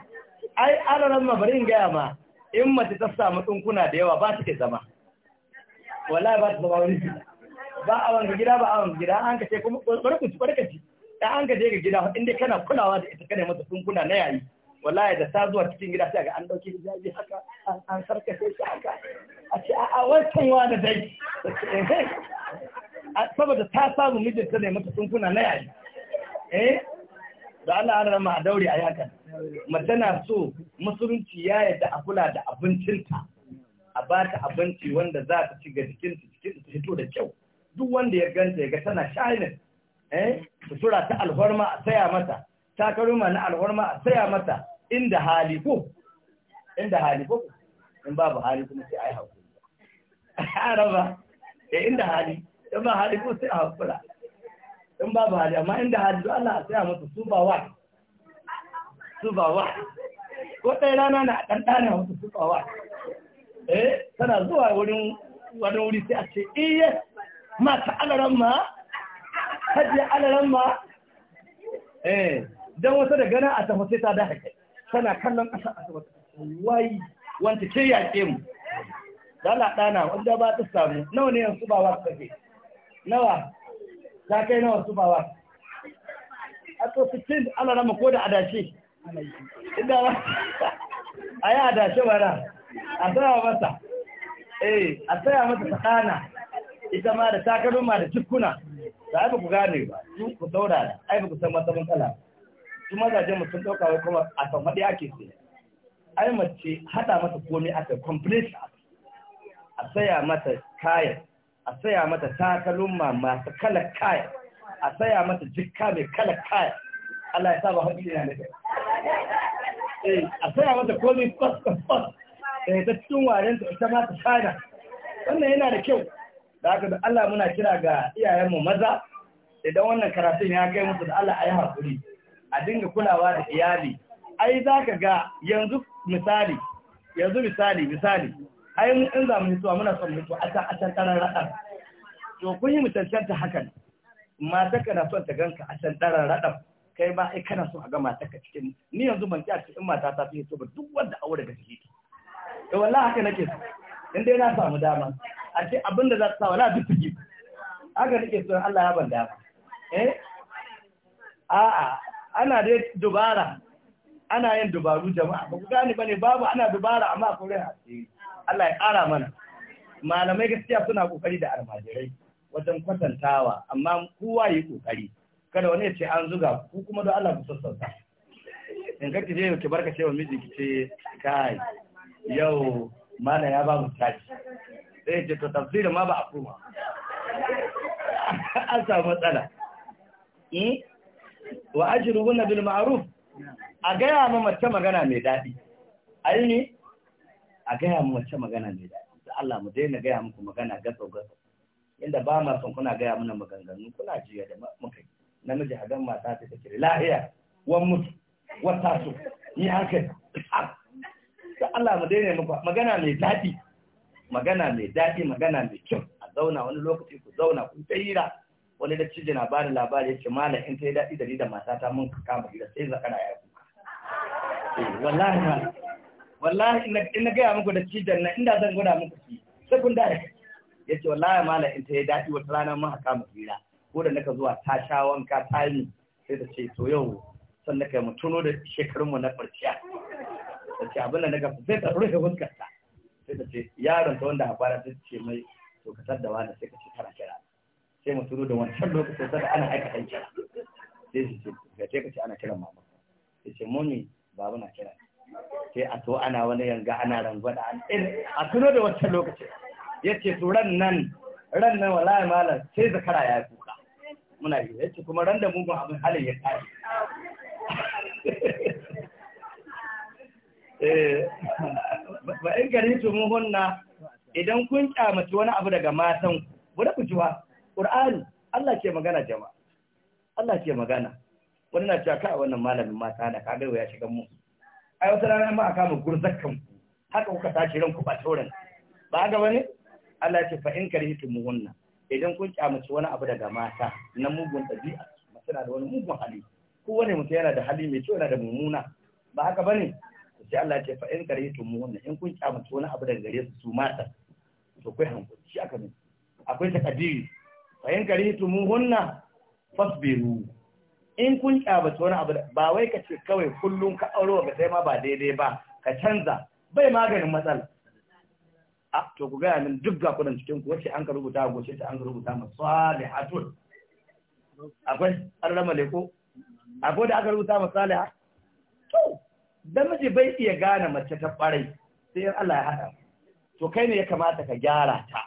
ai aran ma bari in gaya ma in mace ta samu tsunkuna da yawa ba ta ke zama wallahi ba ta zama wani gida ba a wanga gida ba a wanga gida an ka ce kuma barkaci barkaci da an ka je ga gida inda kana kulawa da ita kana mata tsunkuna na yayi wallahi da ta zuwa cikin gida sai ga an dauki hijabi haka an sarkace shi haka a ce eh, eh. a wancan wani dai saboda ta samu mijinta ne mata tsunkuna na yayi eh da Allah ya rama a daure a yakan mace na so musulunci ya yadda a kula da abincinta a ba ta abinci wanda za ta ci ga jikinta cikin ta fito da kyau duk wanda ya ganta ya ga tana shining eh sutura ta alhorma a saya mata takaruma na alhorma a saya mata inda hali ko inda hali ko in babu hali kuma sai ai hakuri a raba eh inda hali in ba hali ko sai a kula. in ba ba amma inda hajji don Allah a saya musu su ba wa su ba wa ko ɗaya rana na ɗanɗana musu su ba wa eh tana zuwa wurin wani wuri sai a ce iya eh, mata alaran ma hajji alaran ma eh don wasu da gana a tafi ta da haka tana kallon ƙasa a tafi wai wanta ce yaƙe mu da Allah ɗana wanda ba ta samu nawa ne yanzu ba wa kake nawa za kai nawa su bawa a to 16 ana rama ko da adashi inda ba a yi adashi na, a saya masa eh a saya masa sakana ita ma da takalma da cikuna da ai ba ku gane ba ku saura da ba ku san wata matsala su mazajen mu sun dauka wai kuma a san faɗi ake sai ai mace hada mata komai a kai complete a saya mata kayan a saya mata takalumma masu kala kaya a saya mata jikka mai kala kaya Allah ya saba hankali na nake eh, a saya mata komi kwas kwas da ya eh, ta cikin warin ta ita mata ta kana wannan yana da kyau da haka da Allah muna kira ga iyayenmu maza idan wannan karatun ya kai musu da Allah a yi haƙuri a dinga kulawa da iyali ai za ka ga yanzu misali yanzu misali misali ai mun in za mu muna son mutu a can a can ɗaran raɗar to kun yi mutancen ta hakan mata kana son ta ganka a can ɗaran raɗar kai ba ai kana so a ga mata ka cikin ni yanzu ban ci a cikin mata ta fi ba duk wanda aure da kike. to wallahi haka nake so in dai na samu dama a ce abin da za ta sa wala duk ciki haka nake so Allah ya ban dama eh a'a ana dai dubara ana yin dubaru jama'a ba ku gane bane babu ana dubara amma akwai asiri Allah ya ƙara mana malamai gaskiya suna kokari da almajirai wajen kwatantawa amma kowa yi kokari kada wani ya ce an zuga ku kuma don Allah ku sassauta in ka je ki barka cewa miji ki ce kai yau mana ya ba mu tashi sai ce to tafsirin ma ba a koma an samu matsala hmm? wa ajiru hunna bil ma'ruf a gaya ma mace magana mai daɗi a ne a gaya mu wacce magana mai daɗi da Allah mu daina gaya muku magana gatsau gatsau inda ba ma son kuna gaya mana maganganu kuna jiya da muka yi namiji a gan mata ta take lahiya wan mutu wata su ni hankali da Allah mu daina muku magana mai daɗi magana mai daɗi magana mai kyau a zauna wani lokaci ku zauna ku ta hira wani da cije na bada labari yace malam in ta yi daɗi da ni da matata mun kama hira sai zakara ya kuka eh, wallahi wallahi in na gaya muku da cidan na inda zan gwada muku shi sai kun dare ya ce wallahi malam in ta yi daɗi wata rana mun haka mu hira ko da naka zuwa ta sha wanka ta yi sai ta ce to yau san naka mu tuno da shekarunmu na farciya. ta ce abin da naka sai ta rufe fuskarta sai ta ce yaron ta wanda habara ta ce mai to ka tar da wani sai ka ce kana kira sai mu tuno da wancan lokacin sai ana aikatan kira sai ta ce ka ce ana kiran mama sai ce mami babu na kira ne. sai a to ana wani yanga ana rangwada a tuno da wancan lokaci ya ce to ran nan ran nan wallahi malam sai zakara ya kuka muna yi ya ce kuma ran da mugun abin halin ya tashi eh, ba in gari tumu na idan kun kyamaci wani abu daga matan bude ku jiwa ƙur'ani Allah ke magana jama'a Allah ke magana wani na cewa kai wannan malamin mata na kaga ya shiga mu ai wata rana ma a kama gurzakan ku haka kuka tashi ranku ba wurin ba haka bane Allah ce fa in karhitu wannan idan kun kyamaci wani abu daga mata na mugun dabi'a suna da wani mugun hali wani mutum yana da hali mai kyau yana da mummuna ba haka bane sai Allah ce fa in karhitu wannan in kun kyamaci wani abu daga gare su su mata to kai hankali shi aka ne akwai takadiri fa in karhitu muhunna fasbiru in kun kyabata wani abu ba wai ka ce kawai kullum ka auro ba sai ma ba daidai ba ka canza bai maganin matsala a to ku gaya min duk ga kudin cikin ku wacce an ka rubuta a goce ta an ka rubuta ma salihatul akwai an rama ko akwai da aka rubuta ma saliha to dan miji bai iya gane mace ta kwarai sai in Allah ya hada to kai ne ya kamata ka gyara ta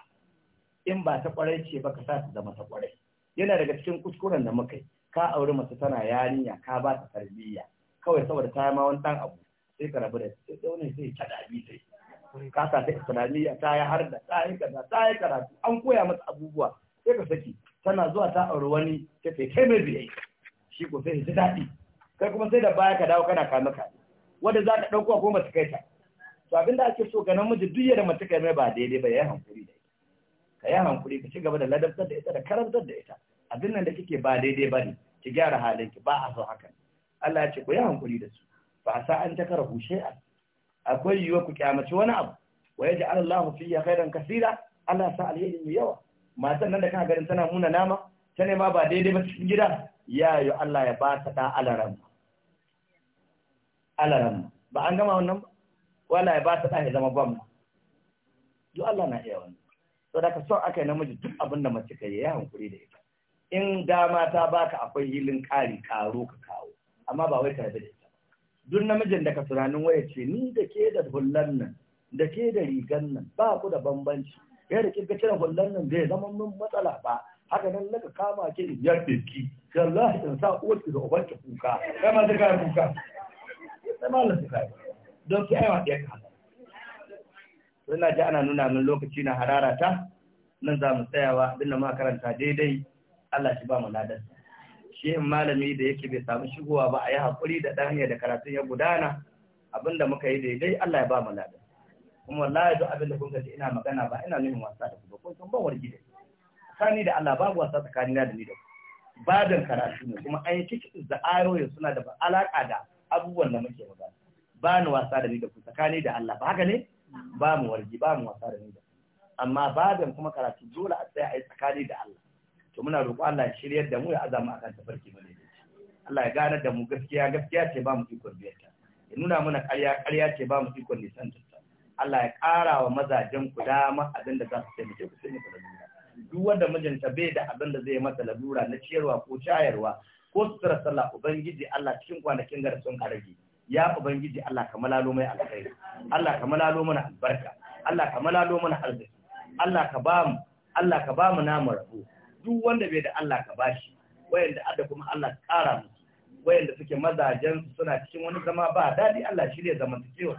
in ba ta kwarai ce ba ka sa ta zama ta kwarai yana daga cikin kuskuren da muka yi ka auri mace tana yarinya ka ba ta tarbiyya kawai saboda ta yi ma dan abu sai ka rabu da sai wani sai ta dabi sai ka sa ta islamiyya ta yi har da ta yi kaza ta yi karatu an koya masa abubuwa sai ka saki tana zuwa ta auri wani ta ce kai mai biyayya. shi ko sai ta daɗi kai kuma sai da baya ka dawo kana kame ka wanda za ka ɗauko ko mace kai ta to abin da ake so ga namiji duk yadda mace kai mai ba daidai ba ya hankuri da ita ka yi hankuri ka ci gaba da ladabtar da ita da karantar da ita abin nan da kike ba daidai ba ne ki gyara halin ki ba a so haka Allah ya ce ku yi hankuli da su ba sa an ta karahu shay'an akwai yiwuwa ku kyamaci wani abu wa Allah Allahu ya khairan kaseera Allah sa alheri mai yawa matan nan da kana garin tana muna nama ta ne ma ba daidai ba cikin gida ya yi Allah ya ba ta da alaran alaran ba an gama wannan ba wala ya ba ta da ya zama gwamna duk Allah na iya wannan saboda da ka so aka yi namiji duk abin da mace kai ya hankuri da ita in dama ta baka akwai hilin ƙari karo ka kawo amma ba wai tare da ita duk namijin da ka tunanin waya ce ni da ke da hullan nan da ke da rigan nan ba ku da bambanci ya da kika cire hullan nan zai zama min matsala ba haka nan naka kama ke in yarfe ki sallahi in sa uwarki da ubanki kuka kai ma zaka kuka sai ma ka zaka don sai aiwa ya ka sai na ji ana nuna min lokaci na hararata nan za mu tsayawa abinda ma karanta daidai Allah shi ba mu ladan Shi malami da yake bai samu shigowa ba a yi haƙuri da ɗan hanyar da karatun ya gudana abinda muka yi daidai Allah ya ba mu ladar. kuma wallahi duk abin da kun ji ina magana ba ina nuna wasa da ku ba kun san ba wargi da tsakani da Allah babu wasa tsakanin da ni da ku badan karatu ne kuma an yi cikin da ayoyin suna da alaƙa da abubuwan da muke magana ba ni wasa da ni da ku tsakani da Allah ba haka ne ba mu wargi ba mu wasa da ni da ku amma badan kuma karatu dole a tsaya a yi tsakani da Allah to muna roƙo Allah ya shiryar da mu ya azama a kan tafarki mu ne Allah ya gane da mu gaskiya gaskiya ce ba mu ikon biyarta ya nuna mana ƙarya ƙarya ce ba mu ikon nisan ta Allah ya ƙara wa mazajen ku dama abin da za su taimake ku sai ku lalura duk wanda mijinta bai da abin da zai masa lalura na ciyarwa ko shayarwa ko sutura sallah ubangiji Allah cikin kwanakin gara sun karage ya ubangiji Allah ka malalo mai alkhairi Allah ka malalo mana albarka Allah ka malalo mana arziki Allah ka ba mu Allah ka ba mu namu rabu duk wanda bai da Allah ka bashi wayanda ada kuma Allah ka kara musu wayanda suke mazajen suna cikin wani zama ba dadi Allah ne zaman cewa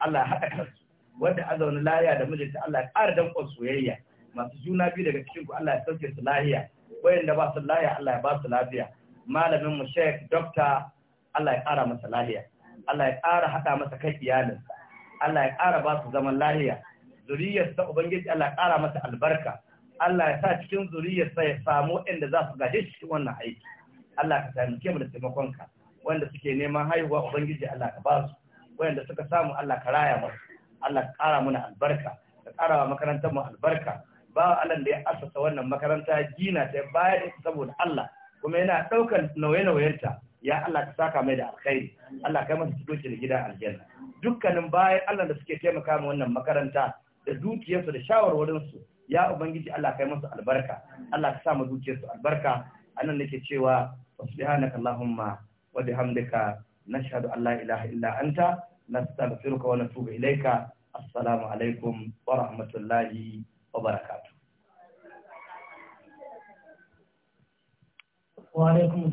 Allah haɗa kansu wanda zauna lahiya da mijinta Allah ƙara danƙon soyayya masu juna biyu daga cikin ku Allah ya sauke su lahiya wayanda ba su lahiya Allah ya ba su lafiya malamin mu Sheikh Dr. Allah ya ƙara masa lahiya Allah ya ƙara haɗa masa kai iyalinsa Allah ya ƙara ba su zaman lahiya zuriyarsa Ubangiji Allah ya ƙara masa albarka Allah ya sa cikin zuriyarsa ya samu inda za su gaje cikin wannan aiki Allah ka taimake mu da taimakonka wanda suke neman haihuwa ubangiji Allah ka ba su wanda suka samu Allah ka raya mu Allah ka ƙara mana albarka ka ƙara wa makarantar mu albarka ba Allah da ya asasa wannan makaranta gina ta bayan saboda Allah kuma yana ɗaukar nauye-nauyenta ya Allah ka saka mai da alkhairi Allah kai masa tudoci da gidan aljanna dukkanin bayan Allah da suke taimaka mu wannan makaranta da dukiyarsu da shawarwarinsu ya ubangiji Allah kai masu albarka Allah ka sa mu zuciyarsu albarka anan nake cewa subhanaka allahumma wa bihamdika nashhadu an la ilaha illa anta nastaghfiruka wa natubu ilayka assalamu alaikum wa rahmatullahi wa barakatuh wa alaikum